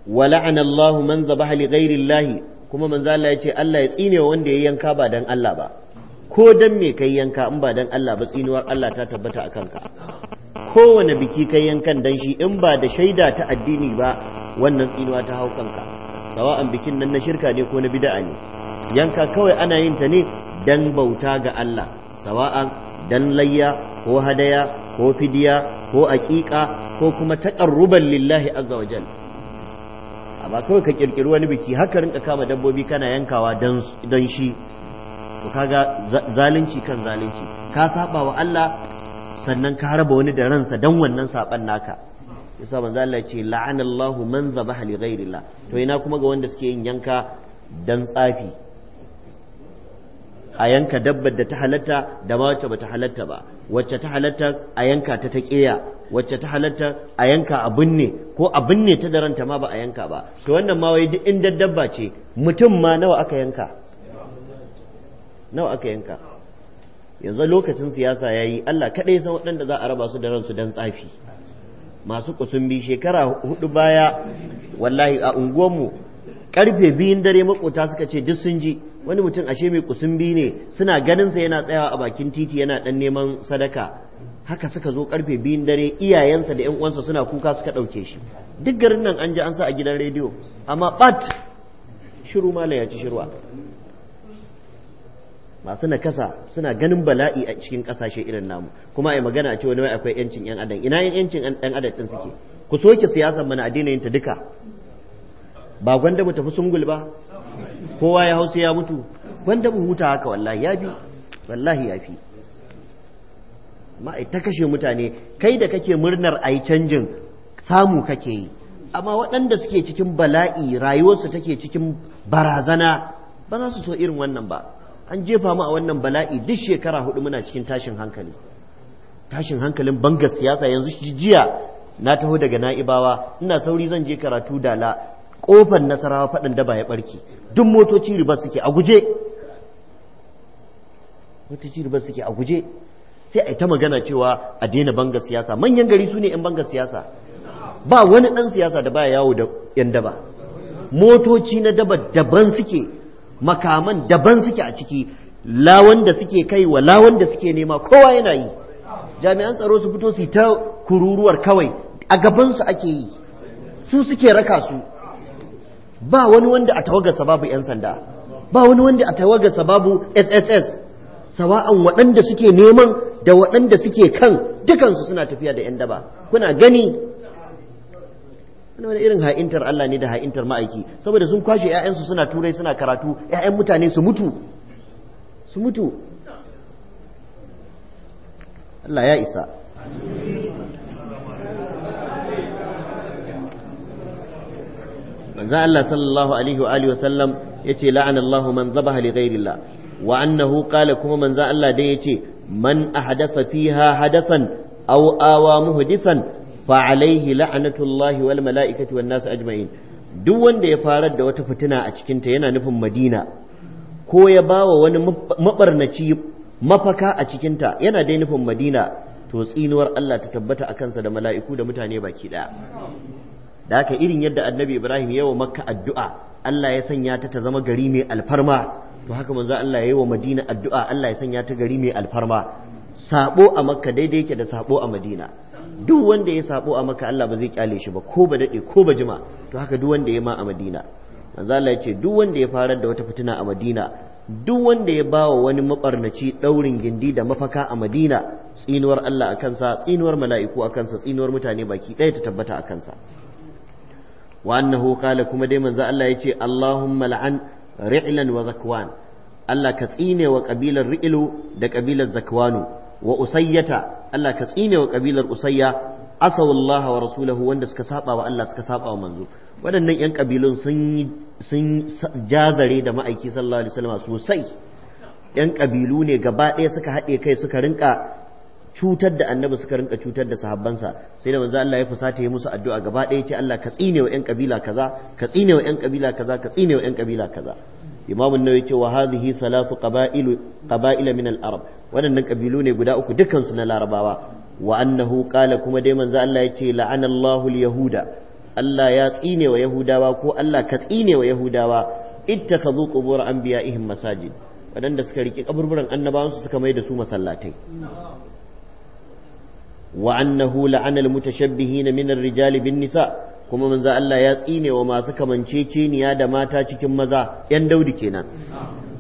wa la'ana Allahu man zabaha li kuma manzala Allah ya ce Allah ya tsine wanda ya yanka ba dan Allah ba ko dan me kai yanka in ba dan Allah ba tsinuwar Allah ta tabbata a kanka kowane biki kai yankan dan shi in ba da shaida ta addini ba wannan tsinuwa ta hau kanka sawa'an bikin nan na shirka ne ko na bid'a ne yanka kawai ana yin ta ne dan bauta ga Allah sawa'an dan layya ko hadaya ko fidiya ko aƙiƙa ko kuma taƙarruban lillahi azza wa amma kawai ka kirkiri wani biki haka rinka kama dabbobi kana yankawa don shi to kaga zalunci kan zalunci ka saba wa Allah sannan ka harba wani da ransa dan wannan saban naka yasa manzo Allah ce la'anallahu man zabaha li ghairillah to ina kuma ga wanda suke yin yanka dan tsafi a yanka dabbar da ta halatta da ba wacce bata halatta ba wacce ta halatta a yanka ta ta ƙeya wacce ta halatta a yanka a binne ko a binne ta da ma ba a yanka ba to wannan ma wai duk in dabba ce mutum ma nawa aka yanka nawa aka yanka yanzu lokacin siyasa yayi Allah kaɗai san waɗanda za a raba su da ransu dan tsafi masu kusumbi shekara hudu baya wallahi a unguwanmu karfe biyun dare makota suka ce duk sun ji wani mutum ashe mai kusumbi ne suna ganinsa yana tsayawa a bakin titi yana dan neman sadaka haka suka zo karfe biyun dare iyayensa da yan uwansa suna kuka suka ɗauke shi duk garin nan an ji an sa a gidan rediyo amma bat shiru mala ya ci shirwa masu nakasa suna ganin bala'i a cikin kasashe irin namu kuma ai magana a ce wani akwai yancin yan adam ina yin yancin yan adam din suke ku soke siyasar mana addinin ta duka ba gwanda mu tafi sungul ba kowa ya hausa ya mutu wanda mu huta haka wallahi ya fi wallahi ya fi ma'ai ta kashe mutane kai da kake murnar a yi canjin samu kake yi amma waɗanda suke cikin bala'i rayuwarsu take cikin barazana ba za su so irin wannan ba an jefa mu a wannan bala'i duk shekara hudu muna cikin tashin hankali tashin hankalin bangar siyasa yanzu jiya na taho daga na'ibawa ina sauri zan je karatu dala kofar nasarawa faɗin ba ya ɓarke duk motoci riba suke a guje motoci riba suke a guje sai a yi ta magana cewa a daina banga siyasa manyan gari su ne 'yan banga siyasa ba wani ɗan siyasa da baya yawo da 'yan daba motoci na daba daban suke makaman daban suke a ciki lawan da suke kai wa lawan da suke nema kowa yana yi jami'an tsaro su fito su ta kururuwar kawai a gabansu ake yi su suke raka su ba wani wanda a tawagarsa babu 'yan sanda ba wani wanda a tawagarsa babu sss sawa'an waɗanda suke neman da waɗanda suke kan dukansu suna tafiya da 'yan daba kuna gani wani irin ha'intar Allah ne da ha'intar ma'aiki saboda sun kwashe 'ya'yansu suna turai suna karatu 'ya'yan mutane su mutu su mutu Allah ya isa manzo Allah sallallahu alaihi wa alihi wasallam yace la'ana Allahu man zabaha li ghairillah wa annahu qala kuma manza Allah dai yace man ahdasa fiha hadasan aw awa muhdisan fa alaihi la'natullahi wal mala'ikati wan nas ajma'in duk wanda ya farar da wata fitina a cikin ta yana nufin Madina ko ya bawa wani mabarnaci mafaka a cikin ta yana dai nufin Madina to tsinuwar Allah ta tabbata akan sa da mala'iku da mutane baki daya da haka irin yadda annabi ibrahim ya wa makka addu'a allah ya sanya ta ta zama gari mai alfarma to haka manzo allah ya yi wa madina addu'a allah ya sanya ta gari mai alfarma sabo a makka daidai yake da sabo a madina duk wanda ya sabo a makka Allah ba zai kyale shi ba ko ba dade ko ba jima to haka duk wanda ya ma a madina manzo Allah ya ce duk wanda ya farar da wata fitina a madina duk wanda ya ba wa wani mabarnaci daurin gindi da mafaka a madina tsinuwar Allah a kansa tsinuwar mala'iku a kansa tsinuwar mutane baki ɗaya ta tabbata a kansa wa annahu kuma dai manzo Allah yace Allahumma la'an ri'lan wa Allah ka tsine wa kabilar ri'lu da ƙabilar zakwanu wa usayyata Allah ka tsine wa kabilar usayya asaw Allah wa rasulahu wanda suka saba wa Allah suka saba wa manzo waɗannan yan kabilun sun sun jazare da ma'aiki sallallahu alaihi wasallam sosai yan kabilu ne gaba ɗaya suka haɗe kai suka rinka cutar da annabi suka rinka cutar da sahabbansa sai da manzo Allah ya fusata ya musu addu'a gaba ɗaya ce Allah ka tsine wa ƴan kabila kaza ka tsine wa 'yan kabila kaza ka tsine wa ƴan kabila kaza imamun nawawi ce wa hadhihi salasu qaba'il qaba'ila min al-arab waɗannan kabilu ne guda uku dukkan su na larabawa wa annahu qala kuma dai manzo Allah ya ce la'ana Allahu al-yahuda Allah ya tsine wa yahudawa ko Allah ka tsine wa yahudawa ittakhadhu qubur anbiya'ihim masajid waɗanda suka riƙe kaburburan su suka mai da su masallatai wa annahu la'ana al-mutashabbihina min ar-rijali bin nisa kuma manzo Allah ya tsine wa masu kamanceceniya da mata cikin maza yan daudi kenan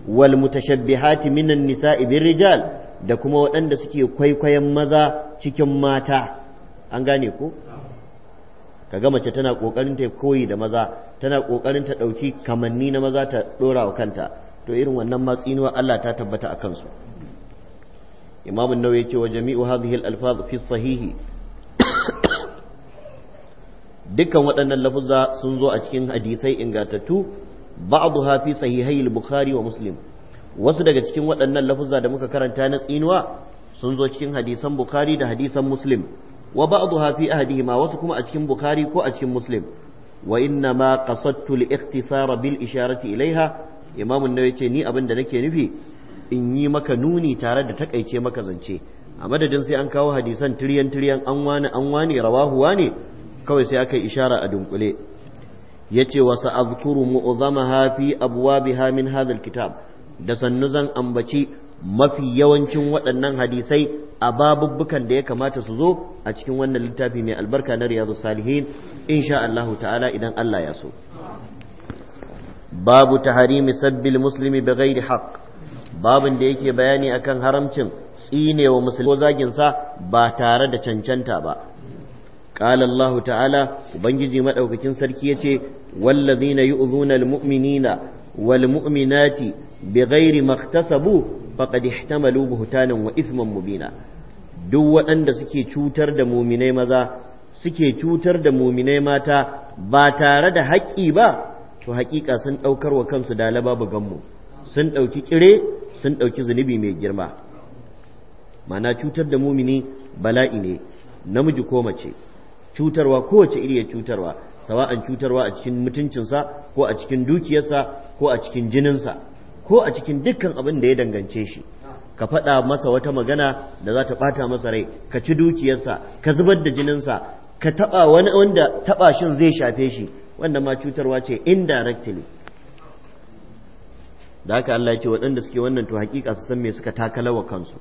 wal mutashabbihati min an nisa bir rijal da kuma waɗanda suke kwaikwayon maza cikin mata an gane ko kaga mace tana kokarin ta koyi da maza tana kokarin ta dauki kamanni na maza ta dora wa kanta to irin wannan matsinuwa Allah ta tabbata akan su imam an-nawawi yace wa jami'u hadhihi al fi sahihi dukkan waɗannan lafuzza sun zo a cikin hadisai ingantattu ba'daha fi sahihai wa wasu daga cikin waɗannan lafuzza da muka karanta na tsinuwa sun zo cikin hadisan bukhari da hadisan muslim wa ba'daha fi ahadihima wasu kuma a cikin bukhari ko a cikin muslim wa inna ma qasadtu li-ikhtisara bil isharati ilaiha Imamun an-nawawi yace ni abin da nake nufi in yi maka nuni tare da takaice maka zance a madadin sai an kawo hadisan tiryan tiryan an wani an wani rawahu wani kawai sai aka ishara a dunkule yace wa zama mu'zamaha fi abwabiha min hadha kitab da sannu zan ambaci mafi yawancin waɗannan hadisai a babubbukan da ya kamata su zo a cikin wannan littafi mai albarka na riyadu salihin insha Allah ta'ala idan Allah ya so babu tahrimi sabbil muslimi bi ghairi haqq babin da yake bayani akan haramcin tsinewa musulmi ko zaginsa ba tare da cancanta ba قال الله تعالى وبنجي مدوكين سركي يتي والذين يؤذون المؤمنين والمؤمنات بغير ما اكتسبوا فقد احتملوا بهتانا واثما مبينا duk waɗanda suke cutar da muminai maza suke cutar da muminai mata ba tare da haƙƙi ba to haƙiƙa sun ɗaukar wa kansu da laba buganmu sun ɗauki ƙire sun ɗauki zunubi mai girma mana cutar da mumini bala'i ne namiji ko mace cutarwa kowace iri cutarwa sawa'an cutarwa a cikin mutuncinsa ko a cikin dukiyarsa ko a cikin jininsa ko a cikin dukkan abin da ya dangance shi ka faɗa masa wata magana da za ta ɓata masa rai ka ci dukiyarsa ka zubar da jininsa ka taɓa wani wanda taɓa shin zai shafe shi wanda ma cutarwa ce indirectly da haka Allah ya ce waɗanda suke wannan to hakika su san me suka takalawa kansu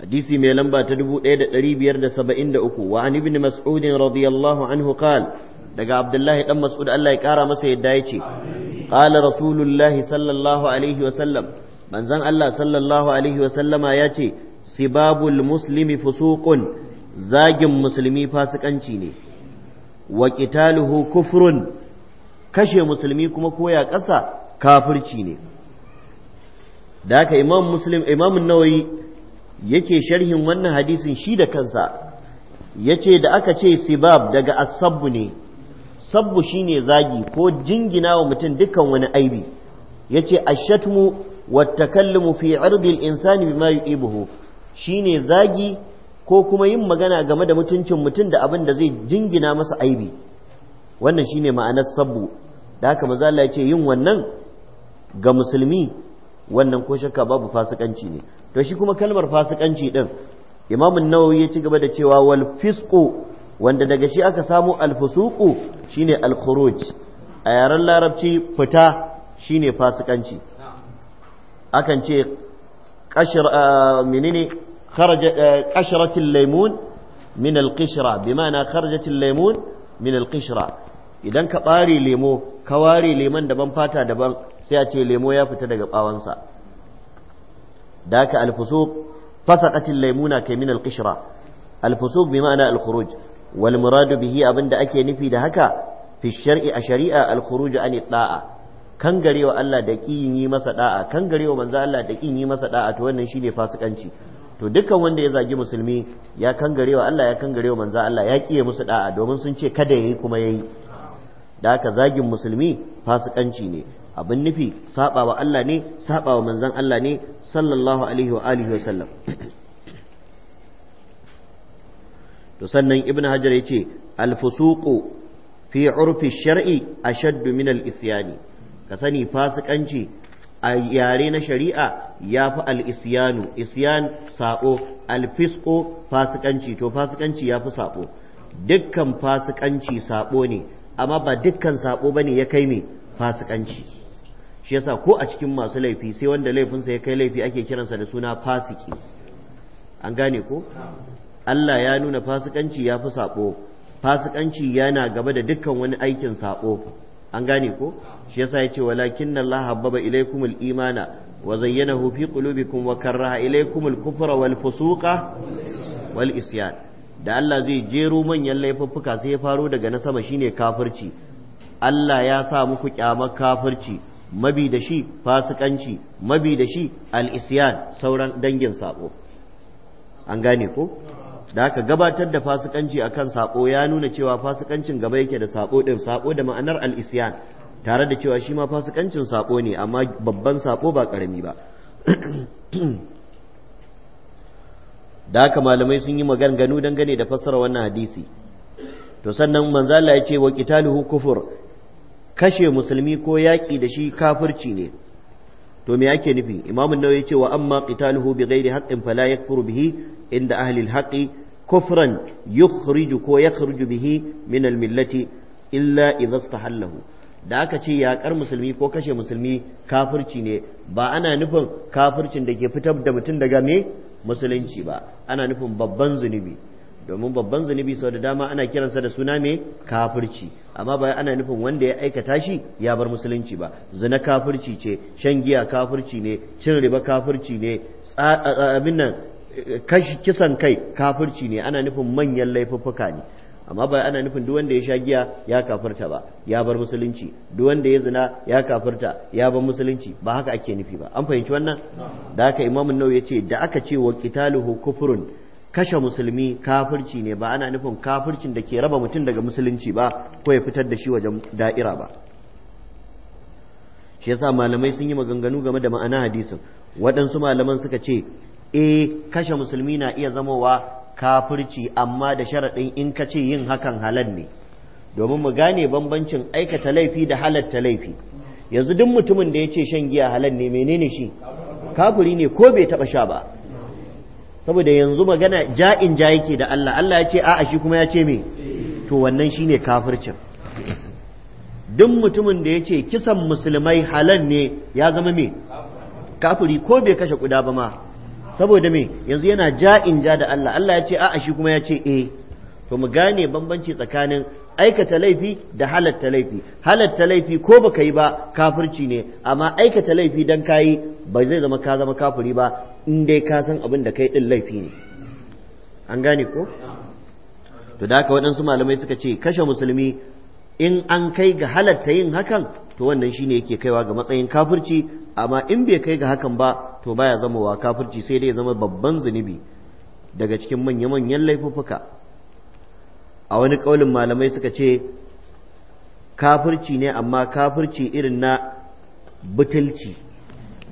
hadisi mai lamba ta dubu ɗaya da da ɗari biyar saba'in 1573 wa an ibn mas'udin radiyallahu anhu qal daga abdullahi dan mas'ud Allah ya kara masa yadda ya ce qala rasulullahi sallallahu alaihi wa sallam manzon Allah sallallahu alaihi wa sallama ya ce sibabul muslimi fusuqun zagin musulmi fasikanci ne wa qitaluhu kufrun kashe musulmi kuma koya ƙasa kafirci ne da haka imam muslim imam nawawi yake sharhin wannan hadisin shi da kansa yace da aka ce sibab daga Asabu ne sabbu shine zagi ko jingina wa mutum dukkan wani aibi Ya yace ashatmu mu fi irdi al-insani bima yu'ibuhu shine zagi ko kuma yin magana game da mutuncin mutum da abin da zai jingina masa aibi wannan shine ma'anar sabbu da haka maza Allah ya ce yin wannan ga musulmi wannan ko shakka babu fasikanci ne to shi kuma kalmar fasikanci din imamun nawawi ya ci gaba da cewa wal fisqu wanda daga shi aka samu al fusuqu shine al khuruj a yaren larabci fita shine fasikanci akan ce qashar menene kharaja qashratil laymun min al qishra bima'ana kharajat kharajatil laymun min al qishra idan ka ɓare lemo ka ware lemon daban fata daban sai a ce lemo ya fita daga ɓawansa da ka alfusuk fasaqatil laimuna kai min kishra. alfuso bi ma'ana alkhuruj wal muradu bihi da ake nufi da haka fi shar'i a shari'a alkhuruj an da'a kan wa Allah da kin yi masa da'a kan wa manzo Allah da kin yi masa da'a to wannan shine fasikanci to dukkan wanda ya zagi musulmi ya kan wa Allah ya kan wa manzo Allah ya kiye musu ɗa'a domin sun ce kada yayi kuma yayi da aka zagin musulmi fasikanci ne abin nufi saba wa Allah ne saba wa manzon Allah ne sallallahu alaihi wa alihi wa sallam to sannan ibn hajar ya ce, fusuqu fi urfi shar'i ashadd min al isyani ka sani fasikanci a yare na shari'a ya fi al isyan sabo fasikanci to fasikanci ya fi sabo dukkan fasikanci saɓo ne amma ba dukkan sabo bane ya kai me fasikanci shi yasa ko a cikin masu laifi sai wanda laifinsa ya kai laifi ake kiransa da suna fasiki an gane ko Allah ya nuna fasikanci ya fi sabo fasikanci yana gaba da dukkan wani aikin sabo an gane ko shi yasa yace walakin Allah habbaba ilaikumul imana wa zayyanahu fi qulubikum wa karraha ilaikumul kufra wal fusuqa wal isyan da Allah zai jero manyan laifuffuka sai ya faro daga na sama shine kafirci Allah ya sa muku kyamar kafirci mabi da shi fasikanci mabi da shi al-isyan sauran dangin sako an gane ko da aka gabatar da fasikanci akan sako ya nuna cewa fasikancin gaba yake da sako din sako da ma'anar al-isyan tare da cewa shi ma fasikancin sako ne amma babban sako ba karami ba *clears throat* da haka malamai sun yi maganganu dangane da fassara wannan hadisi to sannan Manzala ya ce wa kitaluhu kufur kashe musulmi ko yaƙi da shi kafirci ne to me ake nufi imamu nawa ya ce wa amma qitaluhu ghairi haqqin fala yakfuru bihi inda ahli alhaqi kufran yukhriju ko yakhruju bihi min almillati illa idza istahallahu da aka ce yaƙar musulmi ko kashe musulmi kafirci ne ba ana nufin kafircin da ke fitar da mutum daga me musulunci ba ana nufin babban zunubi domin babban zunubi sau da dama ana kiransa da suna mai kafirci amma ba ana nufin wanda ya aikata shi ya bar musulunci ba zina kafirci ce shan giya kafirci ne cin riba kafirci ne kisan kai kafirci ne ana nufin manyan laifuffuka ne amma ba ana nufin duk wanda ya sha giya ya kafirta ba ya bar musulunci duk wanda ya zina ya kafirta ya bar musulunci ba haka ake nufi ba an fahimci wannan da haka imamu nau ya ce da aka ce wa qitaluhu kufrun kashe musulmi kafirci ne ba ana nufin kafircin da ke raba mutum daga musulunci ba ko ya fitar da shi wajen da'ira ba shi yasa malamai sun yi maganganu game da ma'ana hadisin waɗansu malaman suka ce eh kashe musulmi na iya zamowa kafirci amma da sharaɗin in ka ce yin hakan halar ne domin mu gane bambancin aikata laifi da halatta laifi yanzu duk mutumin da ya ce shan giya halal ne menene shi kafiri ne ko bai taɓa sha ba saboda yanzu magana ja'in ja yake da Allah Allah ya ce a'a shi kuma ya ce me to wannan shine kafircin duk mutumin da ya ce kisan musulmai halal ne ya zama me kafiri ko bai kashe kuda ba ma saboda me yanzu yana ja in ja da Allah Allah ya ce a shi kuma ya ce e, to mu gane bambanci tsakanin aikata laifi da halatta laifi halatta laifi ko baka yi ba kafirci ne amma aikata laifi dan kayi ba zai zama ka zama kafiri ba in dai ka san abin da kai ɗin laifi ne an gane ko to da haka waɗansu malamai suka ce kashe musulmi in an kai ga halatta yin hakan to wannan shine yake kaiwa ga matsayin kafirci amma in bai kai ga hakan ba to baya zama wa kafirci sai dai zama babban zunubi daga cikin manya-manyan laifuffuka a wani kaulin malamai suka ce kafirci ne amma kafirci irin na butulci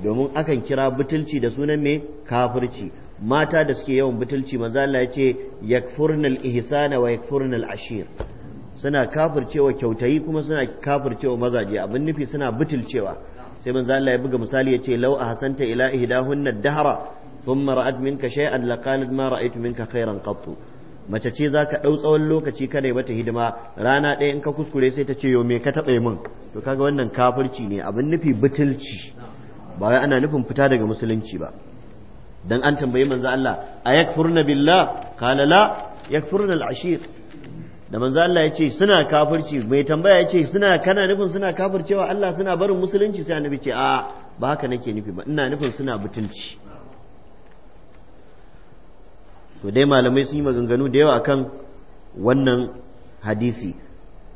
domin akan kira butulci da sunan mai kafirci mata da suke yawan butulci maza Allah ya ce yakfurnal ihsana wa yakfurnal ashir suna kafircewa kyautayi kuma suna kafircewa mazaje abin nufi suna butulcewa sai manzo Allah ya buga misali yace law ahsanta ila ihdahunna dahra thumma ra'at minka shay'an qalat ma ra'aytu minka khairan qat mace ce zaka ka ɗau tsawon lokaci kana mata hidima rana ɗaya in ka kuskure sai ta ce yo me ka taɓa min to kaga wannan kafirci ne abin nufi butulci ba wai ana nufin fita daga musulunci ba dan an tambayi manzo Allah ayakfurna billah qala la yakfurna al-ashir da manzo Allah ya ce suna kafirci mai tambaya ya ce suna kana nufin suna kafircewa Allah suna barin musulunci sai annabi ce a ba haka nake nufi ba ina nufin suna butunci to dai malamai sun yi maganganu da yawa akan wannan hadisi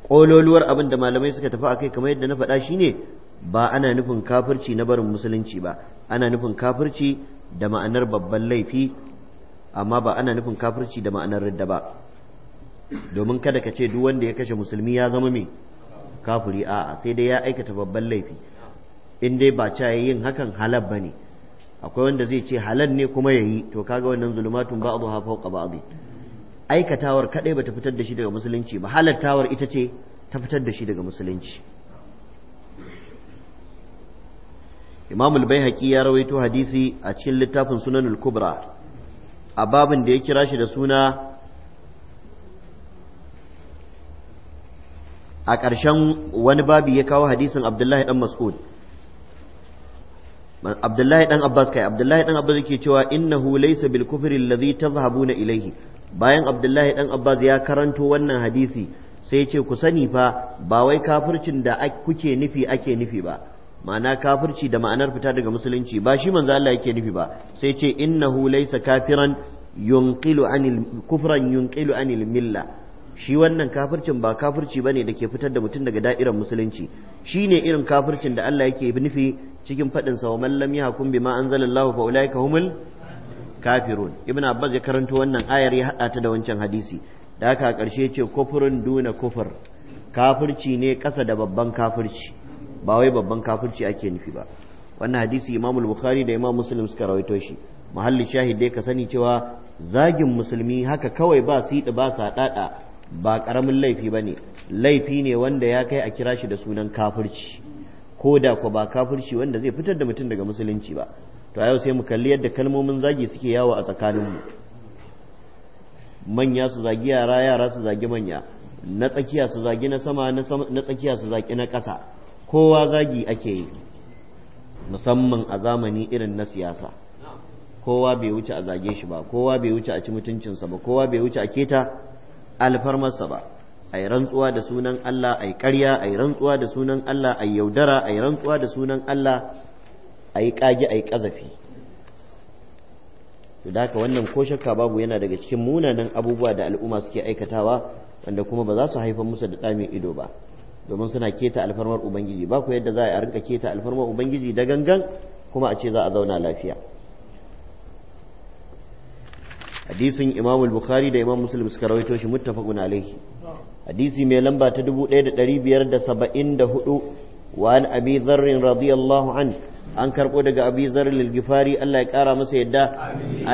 ƙololuwar abin da malamai suka tafi akai kamar yadda na faɗa shine ba ana nufin kafirci na barin musulunci ba ana nufin kafirci da ma'anar babban laifi amma ba ana nufin kafirci da ma'anar ridda ba domin kada ka ce duk wanda ya kashe musulmi ya zama mai Kafuri a'a sai dai ya aikata babban laifi in dai ba ca yin hakan halal ne akwai wanda zai ce halal ne kuma ya yi to kaga wannan zulumatun ba ba'dha a ba'd aikatawar kadai ta fitar da shi daga musulunci ba halattawar ita ce ta fitar da shi daga musulunci Imam al ya rawaito hadisi a cikin littafin Sunanul Kubra a babin da ya kira shi da suna a ƙarshen wani babi ya kawo hadisin abdullahi dan mas'ud abdullahi dan abbas kai abdullahi dan abbas yake cewa innahu laysa bil kufri alladhi na ilaihi bayan abdullahi ɗan abbas ya karanto wannan hadisi sai ce ku sani fa ba wai kafircin da kuke nufi ake nufi ba ma'ana kafirci da ma'anar fita daga musulunci ba shi manzo Allah yake nufi ba sai ce innahu laysa kafiran yunqilu anil kufran yunqilu anil milla shi wannan kafircin ba kafirci ne da ke fitar da mutum daga da'irar musulunci shi ne irin kafircin da Allah yake nufi cikin faɗin sa man lam yahkum bima anzalallahu fa ulaika humul kafirun ibn abbas ya karanto wannan ayar ya hada ta da wancan hadisi da haka karshe ce kufurun duna kufur kafirci ne kasa da babban kafirci ba wai babban kafirci ake nufi ba wannan hadisi imam bukhari da imam muslim suka rawaito shi mahallin shahid dai ka sani cewa zagin musulmi haka kawai ba siɗi ba sa ɗaɗa. ba ƙaramin laifi ba ne laifi ne wanda ya kai a kira shi da sunan kafirci ko da kuwa ba kafirci wanda zai fitar da mutum daga musulunci ba to a yau sai mu kalli yadda kalmomin zagi suke yawo a tsakaninmu manya su zagi yara yara su zagi manya na tsakiya su zagi na sama na tsakiya su zagi na ƙasa kowa zagi ake yi musamman a zamani irin na siyasa kowa bai wuce a zage shi ba kowa bai wuce a ci mutuncinsa ba kowa bai wuce a keta alfarmarsa ba a yi rantsuwa da sunan Allah a ai ƙarya yi rantsuwa da sunan Allah a yi yaudara a yi rantsuwa da sunan Allah a yi kage yi kazafi to da wannan ko shakka babu yana daga cikin munanan abubuwa da al'umma suke aikatawa wanda kuma ba za su haifar musu da ɗamin ido ba domin suna keta alfarmar ubangiji ba ku yadda za a rinka keta alfarmar ubangiji da gangan kuma a ce za a zauna lafiya hadisin Imam al-Bukhari da Imam Muslim suka rawaito shi muttafaqun alayhi hadisi mai lamba ta 1574 wa an Abi Dharr radiyallahu an an karbo daga Abi Dharr al-Ghifari Allah ya kara masa yadda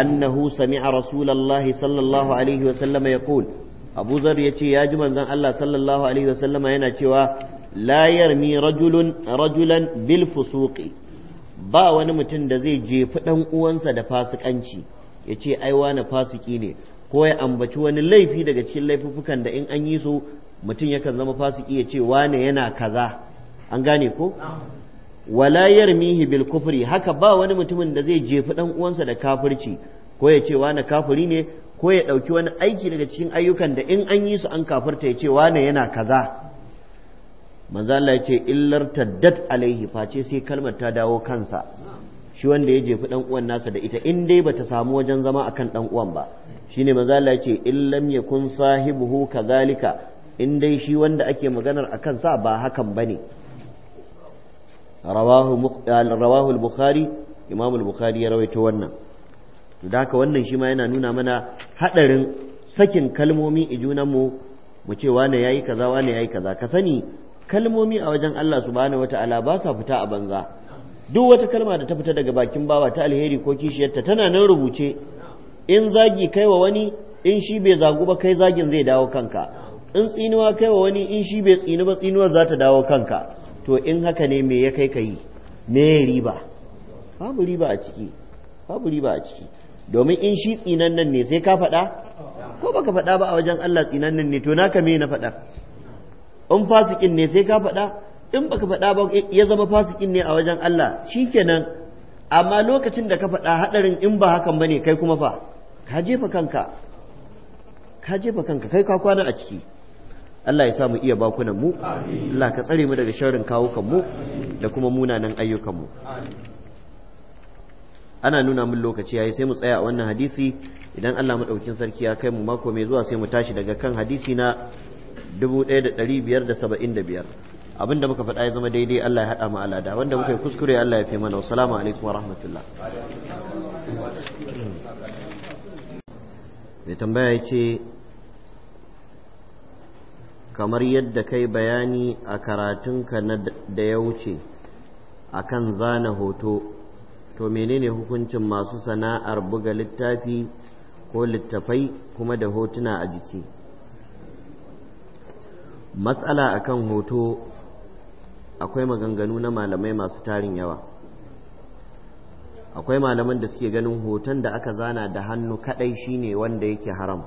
annahu sami'a Rasulullahi sallallahu alayhi wa sallama yaqul Abu Dharr yace ya ji manzon Allah sallallahu alayhi wa sallama yana cewa la yarmi rajulun rajulan bil fusuqi ba wani mutum da zai jefi dan uwansa da fasikanci ya ce ai na fasiki ne ko ya ambaci wani laifi daga cikin laifuffukan da in an yi su mutum yakan zama fasiki ya ce wane yana kaza an gane ko wala yarmihi bil kufri haka ba wani mutumin da zai jefi dan uwansa da kafirci ko ya ce wane kafiri ne ko ya ɗauki wani aiki daga cikin ayyukan da in an yi su an kafirta ya ce wane yana kaza manzo Allah ya ce illar taddat alaihi face sai kalmar ta dawo kansa shi wanda ya jefi dan uwan nasa da ita in dai bata samu wajen zama akan dan uwan ba shine manzo Allah ya ce in lam yakun sahibuhu kadhalika in dai shi wanda ake maganar akan sa ba hakan bane rawahu rawahu al-bukhari imam al-bukhari ya rawaito wannan da haka wannan shi ma yana nuna mana hadarin sakin kalmomi ijunan mu mu ce wane yayi kaza wane yayi kaza ka sani kalmomi a wajen Allah subhanahu wataala ba sa fita a banza duk wata kalma da ta fita daga bakin bawa ta alheri ko kishiyarta tana nan rubuce in zagi kai wa wani in shi bai zagu ba kai zagin zai dawo kanka in tsinuwa kai wa wani in shi bai tsinu ba tsinuwar za ta dawo kanka to in haka ne me ya kai ka yi me riba babu riba a ciki babu riba a ciki domin in shi nan ne sai ka faɗa ko baka faɗa ba a wajen Allah nan ne to naka me na faɗa in fasikin ne sai ka faɗa in baka faɗa ba ya zama fasikin ne a wajen Allah shikenan amma lokacin da ka faɗa haɗarin in ba hakan ba ne kai kuma fa ka jefa kanka ka jefa kanka kai ka kwana a ciki Allah ya sa mu iya bakunan mu Allah ka tsare mu daga sharrin kawukan mu da kuma munanan ayyukan mu ana nuna min lokaci yayi sai mu tsaya a wannan hadisi idan Allah madaukin sarki ya kai mu mako mai zuwa sai mu tashi daga kan hadisi na 1575 Abinda muka faɗa ya zama daidai Allah ya haɗa mu alada wanda muka yi kuskure Allah ya fi mana wasalamu alaikum wa rahmatullah mai tambaya ya ce kamar yadda kai bayani a karatunka da ya wuce a kan zana hoto to menene hukuncin masu sana'ar buga littafi ko littafai kuma da hotuna a jiki matsala a kan hoto akwai maganganu na malamai masu tarin yawa akwai malaman da suke ganin hoton da aka zana da hannu kadai shine wanda yake haram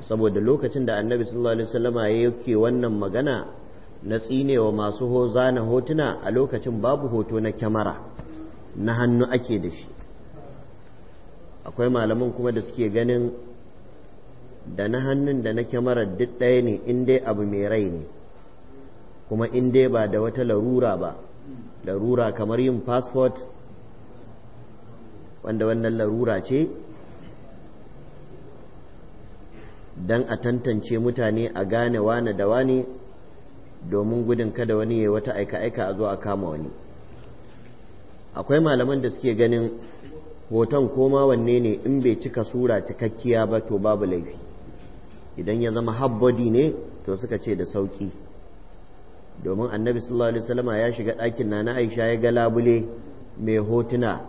saboda lokacin da annabi sallallahu alaihi wasallama yake wannan magana na tsinewa masu ho zana hotuna a lokacin babu hoto na kyamara na hannu ake da shi akwai malaman kuma da suke ganin da na hannun da na kyamarar duk ɗaya ne in dai abu mai rai ne kuma in dai ba da wata larura ba larura kamar yin passport wanda wannan larura ce don a tantance mutane a gane wane da wane domin gudun kada wani ya wata aika-aika a zo a kama wani akwai malaman da suke ganin hoton koma wanne ne in bai cika sura cikakkiya ba to babu laifi idan ya zama habbodi ne to suka ce da sauki domin annabi sallallahu alaihi wasallama ya shiga ɗakin na aisha ya ga labule mai hotuna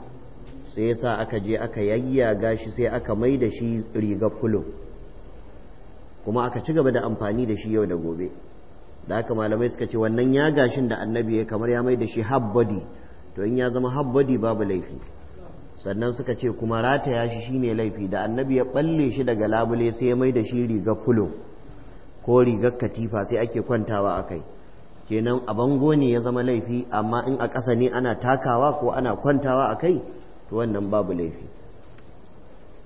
sai ya sa aka je aka yayyaga shi sai aka mai da shi rigar kulun kuma aka ci gaba da amfani da shi yau da gobe da haka malamai suka ce wannan ya gashin da annabi ya kamar ya mai da shi habbadi to in ya zama habbadi babu laifi sannan suka ce kuma rataya shi shine laifi da annabi ya balle shi daga labule sai ya mai da shi rigar fulo ko rigar katifa sai ake kwantawa a kai kenan a bango ne ya zama laifi amma in a ƙasa ne ana takawa ko ana kwantawa a kai to wannan babu laifi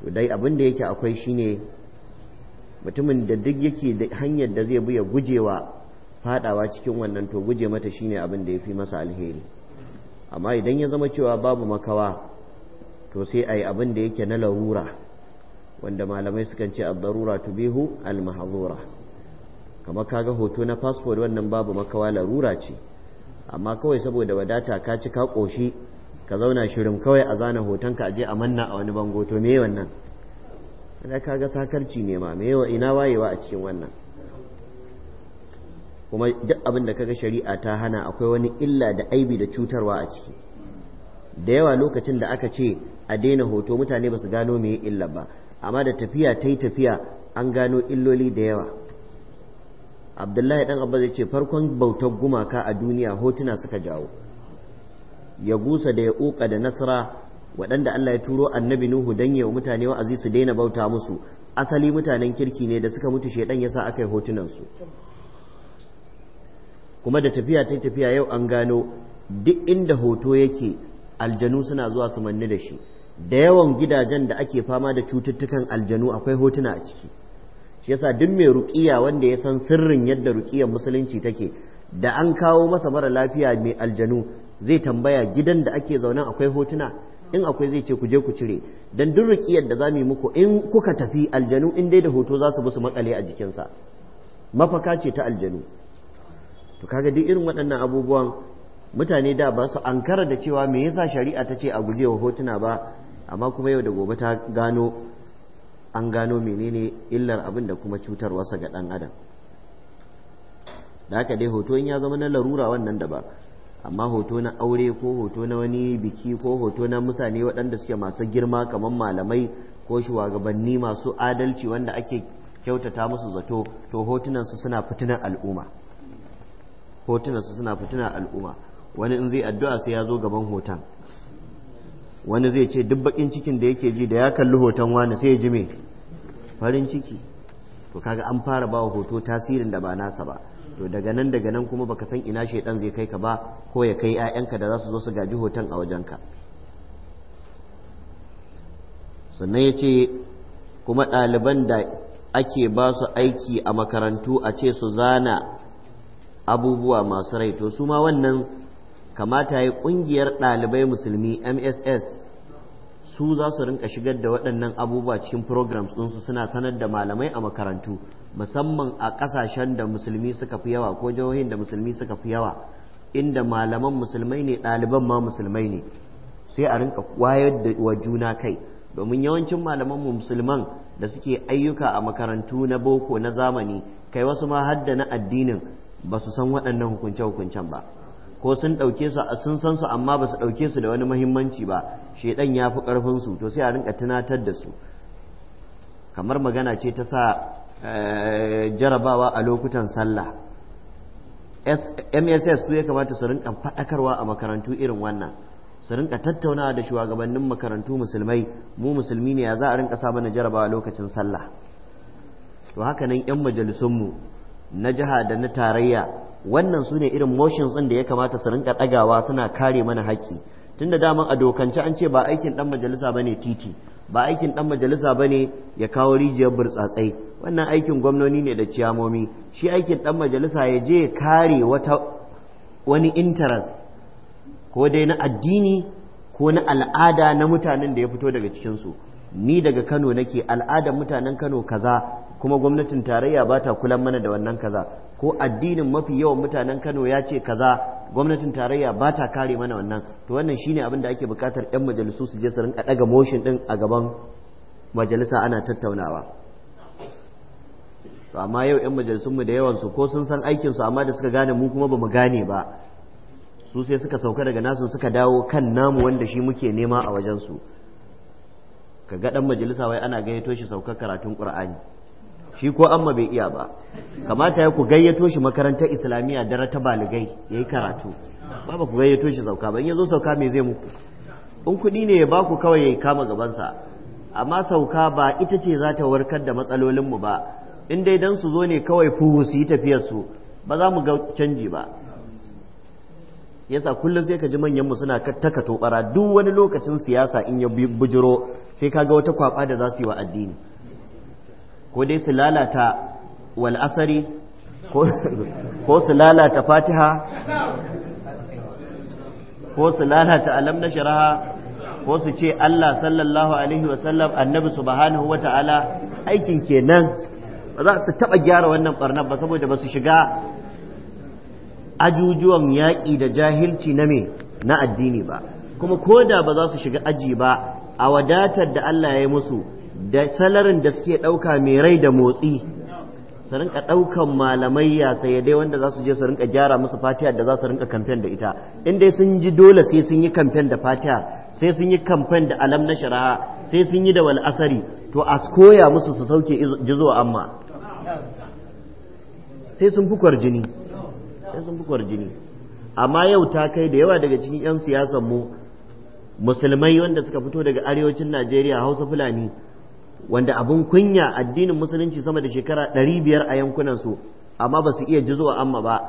to dai abin da yake akwai shine mutumin da duk yake da hanyar da zai buya gujewa fadawa cikin wannan to guje mata shine abin da ya fi masa alheri amma idan ya zama cewa babu makawa to sai a abin da yake na larura wanda malamai sukan ce ad-darura tubihu al mahazura kamar kaga hoto na fasfod wannan babu makawa larura ce amma kawai saboda wadata ka ci ka koshi ka zauna shirin kawai a zana hoton ka aje a manna a wani bango to me wannan da kaga sakarci ne ma me yawa ina wayewa a cikin wannan kuma duk abin da kaga shari'a ta hana akwai wani illa da aibi da cutarwa a ciki da yawa lokacin da aka ce a daina hoto mutane ba su gano me illa ba amma da tafiya ta yi tafiya an gano illoli da yawa abdullahi dan abbas ce farkon bautar gumaka a duniya hotuna suka jawo ya gusa da ya uka da nasara waɗanda Allah ya turo annabi nuhu dan wa mutane wa'azi su daina bauta musu asali mutanen kirki ne da suka mutu shedan yasa aka yi hotunansu kuma da tafiya ta tafiya yau an gano duk inda hoto yake aljanu suna zuwa su manni da shi da yawan gidajen da ake fama da cututtukan aljanu akwai hotuna a ciki shi yasa duk mai ruqiya wanda ya san sirrin yadda ruqiyar musulunci take da an kawo masa mara lafiya mai aljanu zai tambaya gidan da ake zaune akwai hotuna in akwai zai ce ku je ku cire dan duk ruqiyar da zamu yi muku in kuka tafi aljanu in dai da hoto za su bi makale a jikinsa mafaka ce ta aljanu to kaga duk irin waɗannan abubuwan mutane da ba su ankara da cewa me yasa shari'a ta ce a gujewa hotuna ba amma kuma yau da gobe ta gano an gano menene illar abin da kuma cutar cutarwarsa ga ɗan adam da haka dai hoto in ya zama na larura wannan da ba amma hoto na aure ko hoto na wani biki ko hoto na mutane waɗanda suke masu girma kamar malamai ko shugabanni masu adalci wanda ake kyautata musu zato to hotunansu suna fitinan al'umma hotunansu suna fitinan al'umma wani in zai addu'a sai ya zo gaban hoton wani zai ce duk bakin cikin da yake ji da ya kalli hoton wani sai ya ji me farin ciki to kaga an fara bawa hoto tasirin da ba nasa ba to daga nan daga nan kuma baka san ina shaidan zai kai ka ba ko ya kai 'ya'yanka da za su zo su gaji hoton a wajenka sannan ya ce kuma ɗaliban da ake ba su aiki a makarantu a ce su zana abubuwa masu rai to su ma wannan kamata ya ƙungiyar ɗalibai musulmi mss su za su rinka shigar da waɗannan abubuwa cikin programs ɗinsu suna sanar da malamai a makarantu musamman a ƙasashen da musulmi suka fi yawa ko jihohin da musulmi suka fi yawa inda malaman musulmai ne ɗaliban ma musulmai ne sai a rinka wayar da wa juna kai domin yawancin malaman musulman da suke ayyuka a makarantu na boko na zamani kai wasu ma har da na addinin ba su san waɗannan hukunce-hukuncen ba ko sun ɗauke su sun san su amma ba su ɗauke su da wani mahimmanci ba shaidan ya fi ƙarfin su to sai a rinka tunatar da su kamar magana ce ta sa eh, jarabawa a lokutan sallah mss su ya kamata su rinka faɗakarwa a makarantu irin wannan su rinka tattaunawa da shugabannin makarantu musulmai mu musulmi ne ya za a rinka sa mana jarabawa lokacin sallah to haka nan 'yan majalisunmu na jiha da na tarayya wannan su ne irin motions ɗin da ya kamata su rinka ɗagawa suna kare mana haƙƙi tunda daman a dokance an ce ba aikin ɗan majalisa ba ne titi ba aikin ɗan majalisa ba ne ya kawo rijiyar burtsatsai wannan aikin gwamnoni ne da ciyamomi shi aikin ɗan majalisa ya je kare wata wani interest ko dai na addini ko na al'ada na mutanen da ya fito daga cikinsu ni daga kano nake al'adar mutanen kano kaza kuma gwamnatin tarayya ba ta kulan mana da wannan kaza ko addinin mafi yawan mutanen Kano ya ce kaza gwamnatin tarayya ba ta kare mana wannan to wannan shine abin da ake bukatar yan majalisu su je su rinka daga motion din a gaban majalisa ana tattaunawa to amma yau yan majalisun mu da yawan su ko sun san aikin su amma da suka gane mu kuma bamu gane ba su sai suka sauka daga nasu suka dawo kan namu wanda shi muke nema a wajen su ka ga dan majalisa wai ana gayyato shi saukar karatun Qur'ani shi ko amma bai iya ba kamata ya ku gayyato shi makarantar islamiyya da ta baligai ya yi karatu ba ba ku gayyato shi sauka ba in ya sauka me zai muku in kuɗi ne ya ba ku kawai ya yi kama gabansa amma sauka ba ita ce za ta warkar da matsalolinmu ba in dai dan su zo ne kawai fuhu su yi tafiyarsu ba za mu ga canji ba yasa kullum sai ka ji manyanmu suna taka tobara duk wani lokacin siyasa in ya bujiro sai ka ga wata kwaba da za su yi wa addini ko dai su lalata wal asari ko su lalata fatiha ko su lalata alam na Shiraha, ko su ce Allah sallallahu alaihi wasallam annabi subhanahu wa ta'ala aikin kenan ba za su taɓa gyara wannan ɓarnar ba saboda ba su shiga ajujuwan yaƙi da jahilci na me na addini ba kuma ko da ba za su shiga aji ba a wadatar da Allah ya yi musu da salarin da suke ɗauka mai rai da motsi su rinka ɗaukan malamai ya dai wanda za su je su rinka gyara musu fatiya da za su rinka kamfen da ita in dai sun ji dole sai sun yi kamfen da fatiya sai sun yi kamfen da alam na shari'a sai sun yi da wal asari to a koya musu su sauke jizo amma sai sun fi kwarjini sai sun fi kwarjini amma yau ta kai da yawa daga cikin 'yan siyasan mu musulmai wanda suka fito daga arewacin najeriya hausa fulani wanda abin kunya addinin musulunci sama da shekara ɗari biyar a yankunan su amma ba su iya a amma ba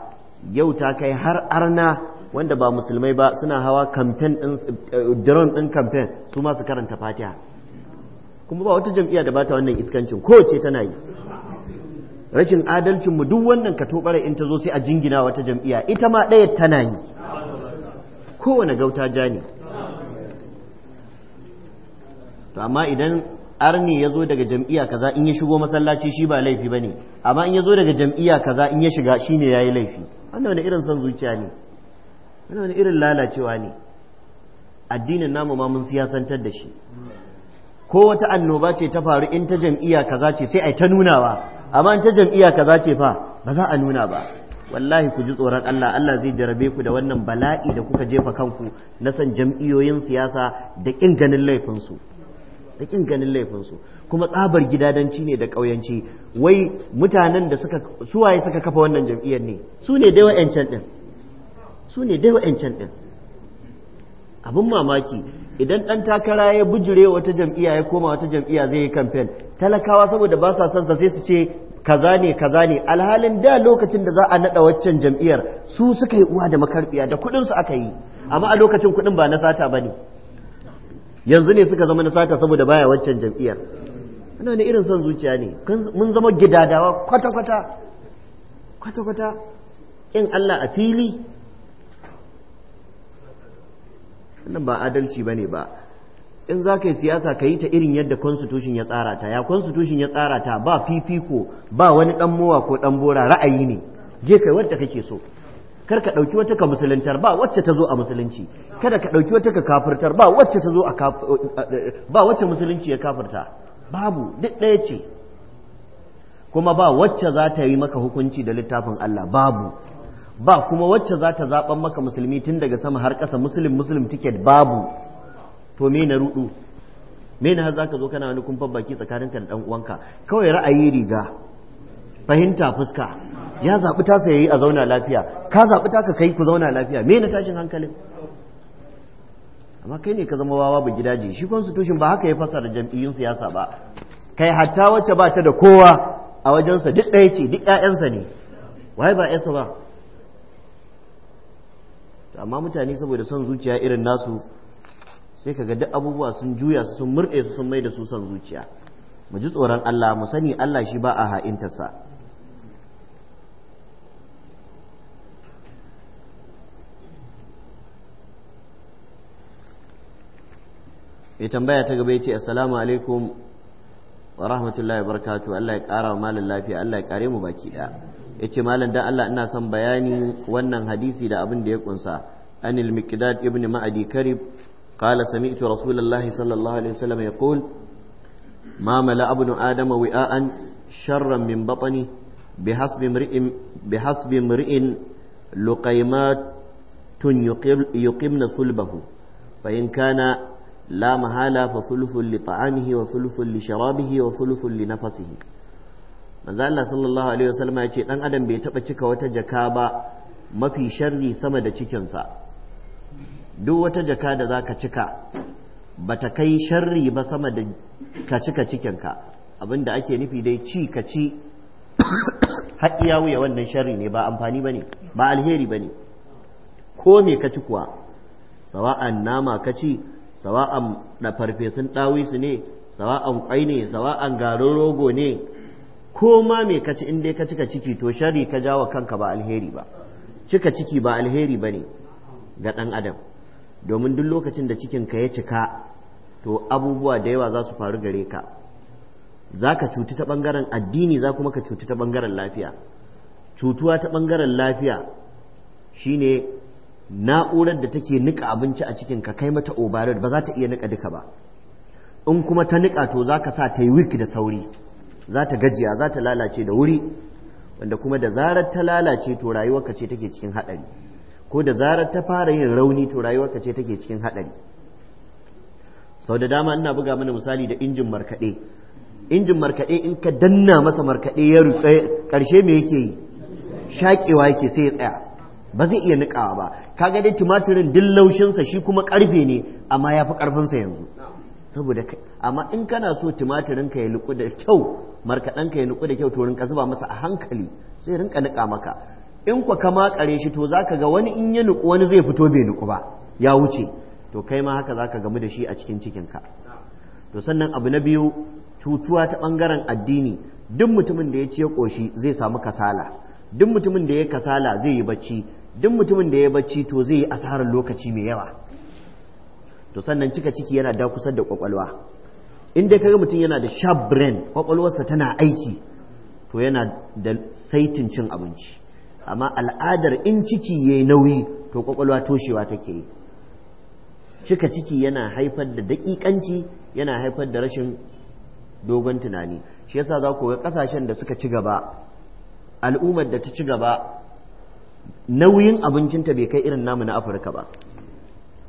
yau ta kai har arna wanda ba musulmai ba suna hawa kamfen ɗin eh, drone ɗin kamfen su ma su karanta fatiha kuma ba wata jam'iyya da bata wannan iskancin ko ce tana yi rashin adalcin mu duk wannan ka tobara in ta zo sai a jingina wata jam'iyya ita ma ɗaya tana yi kowane gauta ja ne to amma idan arni ya zo daga jam'iyya kaza in ya shigo masallaci shi ba laifi ba ne amma in ya zo daga jam'iyya kaza in ya shiga shi ne laifi wannan wani irin son zuciya ne wannan wani irin lalacewa ne addinin namu ma mun siyasantar da shi ko wata annoba ce ta faru in ta jam'iyya kaza ce sai ai ta nunawa amma in ta jam'iyya kaza ce fa ba za a nuna ba wallahi ku ji tsoron Allah Allah zai jarabe ku da wannan bala'i da kuka jefa kanku na san jam'iyyoyin siyasa da kin ganin laifin su da kin ganin laifinsu kuma tsabar gidadanci ne da ƙauyanci wai mutanen da suka suwaye suka kafa wannan jam'iyyar ne su ne dai wa'ancan din su ne dai din abin mamaki idan ɗan takara ya bujure wata jam'iyya ya koma wata jam'iyya zai yi kamfen talakawa saboda ba sa son sa sai su ce kaza ne kaza ne alhalin da lokacin da za a naɗa waccan jam'iyyar su suka yi uwa da makarbiya da kuɗinsu aka yi amma a lokacin kuɗin ba na sata ba ne yanzu ne suka zama na sata saboda baya waccan jam'iyyar ana ne irin son zuciya ne mun zama gidadawa kwata-kwata kwata-kwata ƙin Allah a fili wannan ba adalci ba ne ba in za ka yi siyasa ka yi ta irin yadda constitution ya tsara ta ya constitution ya tsara ta ba fifiko ba wani ɗan mowa ko ɗan bora ra'ayi ne je kai wadda kake so kar ka ɗauki wata ka musuluntar ba wacce ta zo a musulunci kada ka ɗauki wata ka kafirtar ba wacce ta zo a eh, eh, ba wacce musulunci ya kafirta babu duk ɗaya ce kuma ba wacce za ta yi maka hukunci da littafin Allah babu ba kuma wacce za ta zaɓan maka musulmi tun daga sama har ƙasa musulun musulun tiket babu to me na rudu me na har zaka zo kana wani kumfan baki tsakaninka da ɗan uwanka kawai ra'ayi riga fahimta fuska ya zaɓi tasa ya yi a zauna lafiya ka zaɓi taka kai ku zauna lafiya me na tashin hankalin amma kai ne ka zama wawa ba gidaje shi constitution ba haka ya fasara jam'iyyun siyasa ba kai hatta wacce ba ta da kowa a wajensa duk ɗaya ce duk ƴaƴansa ne Wai ba yasa ba amma mutane saboda son zuciya irin nasu sai ka ga duk abubuwa sun juya su sun murɗe su sun mai da su son zuciya mu ji tsoron Allah mu sani Allah shi ba a ha'intarsa mai tambaya ta gaba ya ce assalamu alaikum wa rahmatullahi wa barakatu Allah ya kara wa malam lafiya Allah ya kare mu baki da ya ce malam dan Allah ina son bayani wannan hadisi da abin da ya kunsa anil miqdad ibn ma'adi karib qala sami'tu rasulullahi sallallahu alaihi wasallam yaqul ma mala abnu adama wi'an sharran min batni بحسب امرئ بحسب امرئ لقيمات يقمن صلبه فإن كان la mahala fa thuluthun li wa thuluthun li wa thuluthun li nafasihi sallallahu alaihi wasallam ya ce dan adam bai taba cika wata jaka ba mafi sharri sama da cikinsa duk wata jaka da zaka cika bata kai sharri ba sama da ka cika cikinka abinda ake nufi dai ci ka ci har wuya wannan sharri ne ba amfani bane ba alheri bane ko me ka ci kuwa sawa'an nama ka ci sawa'an da farfesun ɗawisu ne sawa'an kwai ne sawa'an garin rogo ne ko ma me kaci in dai ka cika ciki to shari ka jawa kanka ba alheri ba cika ciki ba alheri ba ne ga ɗan adam domin duk lokacin da cikinka ya cika to abubuwa da yawa za su faru gare ka za ka cuti ta ɓangaren addini za kuma ka cuti ta ɓangaren lafiya cutuwa ta ɓangaren lafiya shine na'urar da take nika abinci a cikin ka kai mata overload ba za ta iya nika duka ba in kuma ta nika to za ka sa ta yi wiki da sauri za ta gajiya za ta lalace da wuri wanda kuma da zarar ta lalace to rayuwarka ce take cikin haɗari ko da zarar ta fara yin rauni to rayuwarka ce take cikin haɗari sau da dama ina buga mana misali da injin markaɗe injin markaɗe in ka danna masa markaɗe ya rufe ƙarshe me yake yi shaƙewa yake sai ya tsaya ba zai iya niƙawa ba kaga dai tumatirin din laushinsa shi kuma karfe ne amma ya fi ƙarfinsa yanzu saboda kai amma in kana so tumatirin ka ya niƙu da kyau markaɗan ka ya nuku da kyau to rinka zuba masa a hankali sai rinka niƙa maka in kwa ka makare shi to zaka ga wani in ya nuku wani zai fito bai nuku ba ya wuce to kai ma haka zaka gamu da shi a cikin cikin ka to sannan abu na biyu cutuwa ta ɓangaren addini duk mutumin da ya ce ƙoshi zai samu kasala duk mutumin da ya kasala zai yi bacci duk mutumin da ya bacci to zai yi asarar lokaci mai yawa to sannan cika ciki yana da kusa da kwakwalwa in kaga mutum yana da sharp brain kwakwalwarsa tana aiki to yana da saitin cin abinci amma al'adar in ciki yayi nauyi to kwakwalwa toshewa take yi cika ciki yana haifar da daƙiƙanci yana haifar da rashin dogon tunani shi yasa za ku ga ƙasashen da suka ci gaba al'ummar da ta ci gaba nauyin abincinta bai kai irin namu na afirka ba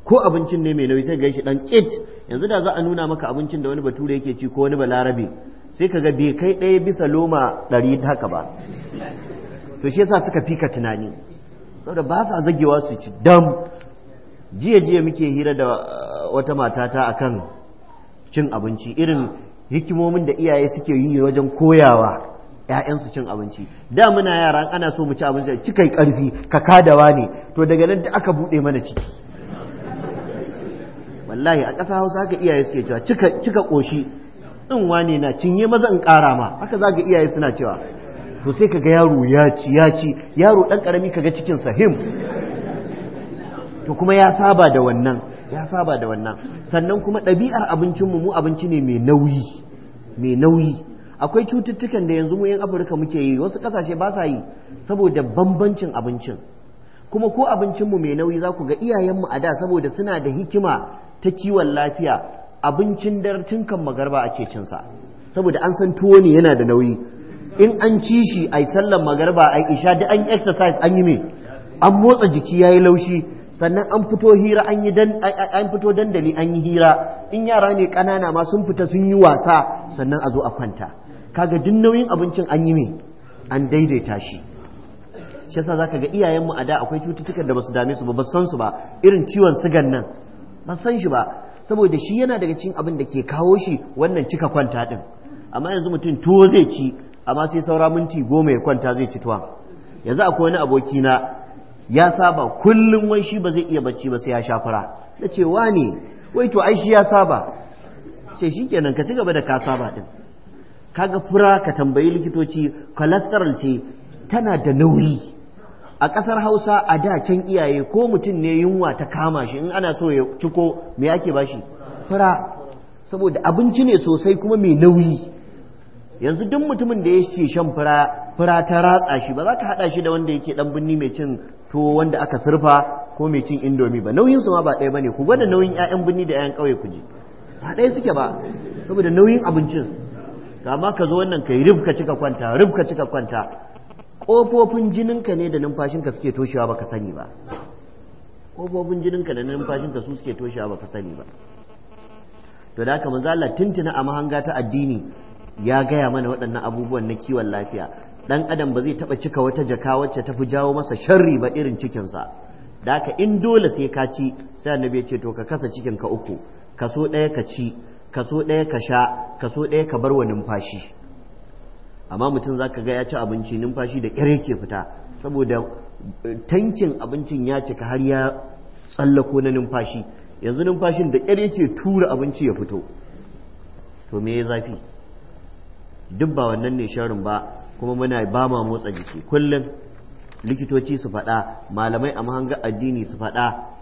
ko abincin ne mai nauyi sai ga shi dan it yanzu da za a nuna maka abincin da wani bature yake ci ko wani balarabe sai ka ga bai kai ɗaya bisa loma ɗari haka ba to shi yasa suka fika tunani saboda ba sa zagewa su ci dam jiya jiya muke hira da uh, wata matata akan cin abinci irin hikimomin da iyaye suke yi wajen koyawa Ya'yansu cin abinci da muna yara ana so mu ci abinci ci kai ƙarfi ka kadawa ne to daga nan aka buɗe mana ciki wallahi a ƙasa hausa haka iyaye suke cewa cika cika ƙoshi in wane na cinye maza in ƙara ma haka za ga iyaye suna cewa to sai kaga yaro ya ci ya ci yaro ɗan ƙarami kaga cikin sa him to kuma ya saba da wannan ya saba da wannan sannan kuma ɗabi'ar abincinmu mu abinci ne mai nauyi akwai cututtukan da yanzu mu yan afirka muke yi wasu kasashe ba sa yi saboda bambancin abincin kuma ko abincinmu mai nauyi za ku ga iyayenmu a da saboda suna da hikima ta kiwon lafiya abincin dartin kan magarba ake cinsa saboda an san tuwo ne yana da nauyi in an ci shi a sallan magarba a isha da an exercise an yi me an motsa jiki ya yi laushi sannan an fito hira an yi an fito dandali an yi hira in yara ne ƙanana ma sun fita sun yi wasa sannan a zo a kwanta kaga duk nauyin abincin an yi me an daidaita shi shi yasa zaka ga iyayenmu a da akwai cututtukan da basu dame su ba ba san su ba irin ciwon sigan nan ba san shi ba saboda shi yana daga cikin abin da ke kawo shi wannan cika kwanta din amma yanzu mutum tuwo zai ci amma sai saura minti goma ya kwanta zai ci tuwa yanzu akwai wani aboki na ya saba kullum wai shi ba zai iya bacci ba sai ya sha fura na ce ne wai to ai shi ya saba sai kenan ka ci gaba da ka saba din kaga fura ka tambayi likitoci cholesterol ce tana da nauyi a ƙasar hausa a da can iyaye ko mutum ne yunwa ta kama shi in ana so ya ciko me yake ba shi fura saboda abinci ne sosai kuma mai nauyi yanzu duk mutumin da ke shan fura fura ta ratsa shi ba za ka haɗa shi da wanda yake ɗan binni mai cin tuwo wanda aka surfa ko mai cin indomi ba nauyin su ma ba ɗaya ne, ku gwada nauyin 'ya'yan binni da 'ya'yan ƙauye ku je ba ɗaya suke ba saboda nauyin abincin kama ka zo wannan kai rubka cika kwanta rubka cika kwanta kofofin jininka ne da numfashinka suke toshewa baka sani ba kofofin jininka da numfashinka su suke toshewa baka sani ba to da haka manzo Allah tuntuna a mahanga ta addini ya gaya mana waɗannan abubuwan na kiwon lafiya dan adam ba zai taɓa cika wata jaka wacce ta fi jawo masa sharri ba irin cikinsa da haka in dole sai ka ci sai annabi ya ce to ka kasa cikin ka uku kaso ɗaya ka ci kaso ɗaya ka sha kaso ɗaya ka bar wa numfashi amma mutum za ka ga ya ci abinci numfashi da ƙyar ke fita saboda eh, tankin abincin ya cika har ya tsallako na numfashi yanzu numfashin da ƙyar ke tura abinci ya fito to me ya zafi duk ba wannan ne sharin ba kuma muna ba ma motsa jiki kullum likitoci su faɗa malamai a mahangar addini su faɗa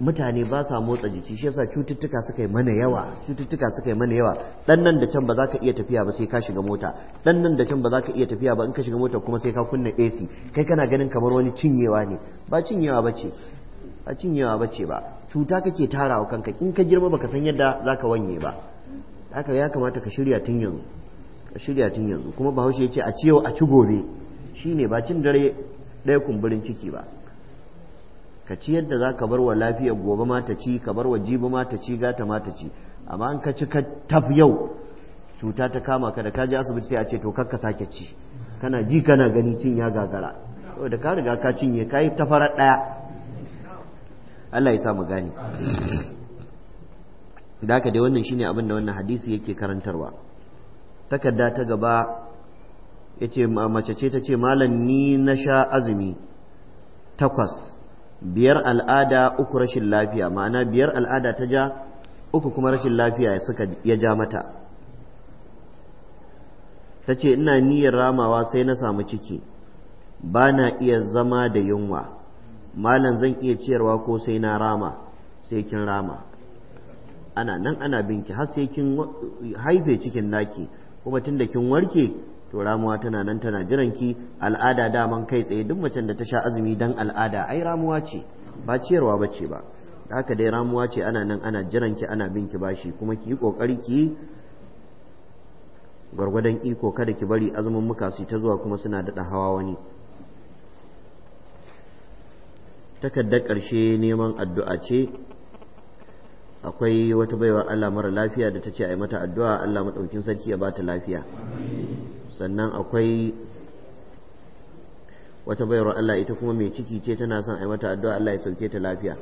mutane ba sa motsa jiki shi yasa cututtuka suka yi mana yawa cututtuka suka yi mana yawa dan nan da can ba za ka iya tafiya ba sai ka shiga mota dan nan da can ba za ka iya tafiya ba in ka shiga mota kuma sai ka kunna AC kai kana ganin kamar wani cinyewa ne ba cinyewa bace ba cinyewa bace ba cuta kake tarawa kanka in ka girma baka san yadda za ka wanye ba haka ya kamata ka shirya tun yanzu ka shirya tun yanzu kuma bahaushe ya ce a ciyo a ci gobe shine ba cin dare ɗaya kumburin ciki ba ka ci yadda za ka bar wa lafiyar gobe ma ta ci ka bar wa jibi ma ta ci gata ma ta ci amma an ka ci ka taf yau cuta ta kama ka da ka je asibiti sai a ce to kakka sake ci kana ji kana gani cin ya gagara da ka riga ka cinye ka yi ta farar ɗaya Allah ya sa mu gane da haka dai wannan shine abin da wannan hadisi yake karantarwa takarda ta gaba yace mace ce ta ce malam ni na sha azumi takwas biyar al'ada uku rashin lafiya ma'ana biyar al'ada ta ja uku kuma rashin lafiya suka ya ja mata ta ce ina niyyar ramawa sai na samu ciki ba na iya zama da yunwa malam zan iya ciyarwa ko sai na rama sai kin rama ana nan ana binki har sai kin haife cikin naki kuma tun da kin warke to ramuwa tana nan tana jiran ki al'ada daman kai tsaye duk macen da ta sha azumi dan al'ada ai ramuwa ce ba ciyarwa bace ba haka dai ramuwa ce ana nan ana jiran ki ana bin ki bashi kuma ki yi kokari ki gwargwadon iko kada ki bari azumin muka su ta zuwa kuma suna daɗa hawa wani takardar ƙarshe neman addu'a ce akwai wata baiwa Allah mara lafiya da ta ce a yi mata addu'a Allah maɗaukin sarki ya ba ta lafiya sannan akwai wata bayarwa Allah ita kuma mai ciki ce tana son a yi mata addu'a Allah ya sauke ta lafiya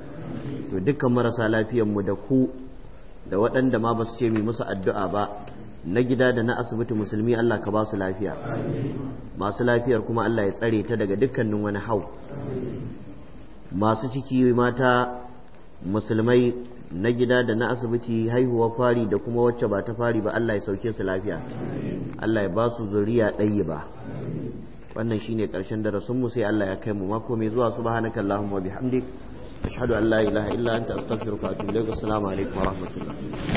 to dukkan marasa lafiyan mu da ku da waɗanda ma ba su ce mai musu addu'a ba na gida da na asibiti musulmi Allah ka ba su lafiya masu lafiyar kuma Allah ya tsare ta daga dukkanin wani hau masu ciki mata musulmai na gida da na asibiti haihuwa fari da kuma wacce ba ta fari ba Allah ya sauke su lafiya Allah ya ba su zuriya ɗaye ba wannan shine ƙarshen darasinmu sai Allah ya kai mu mako mai zuwa subhanaka allahumma wa bihamdik ashhadu an la illa anta astaghfiruka wa atubu ilaik assalamu alaikum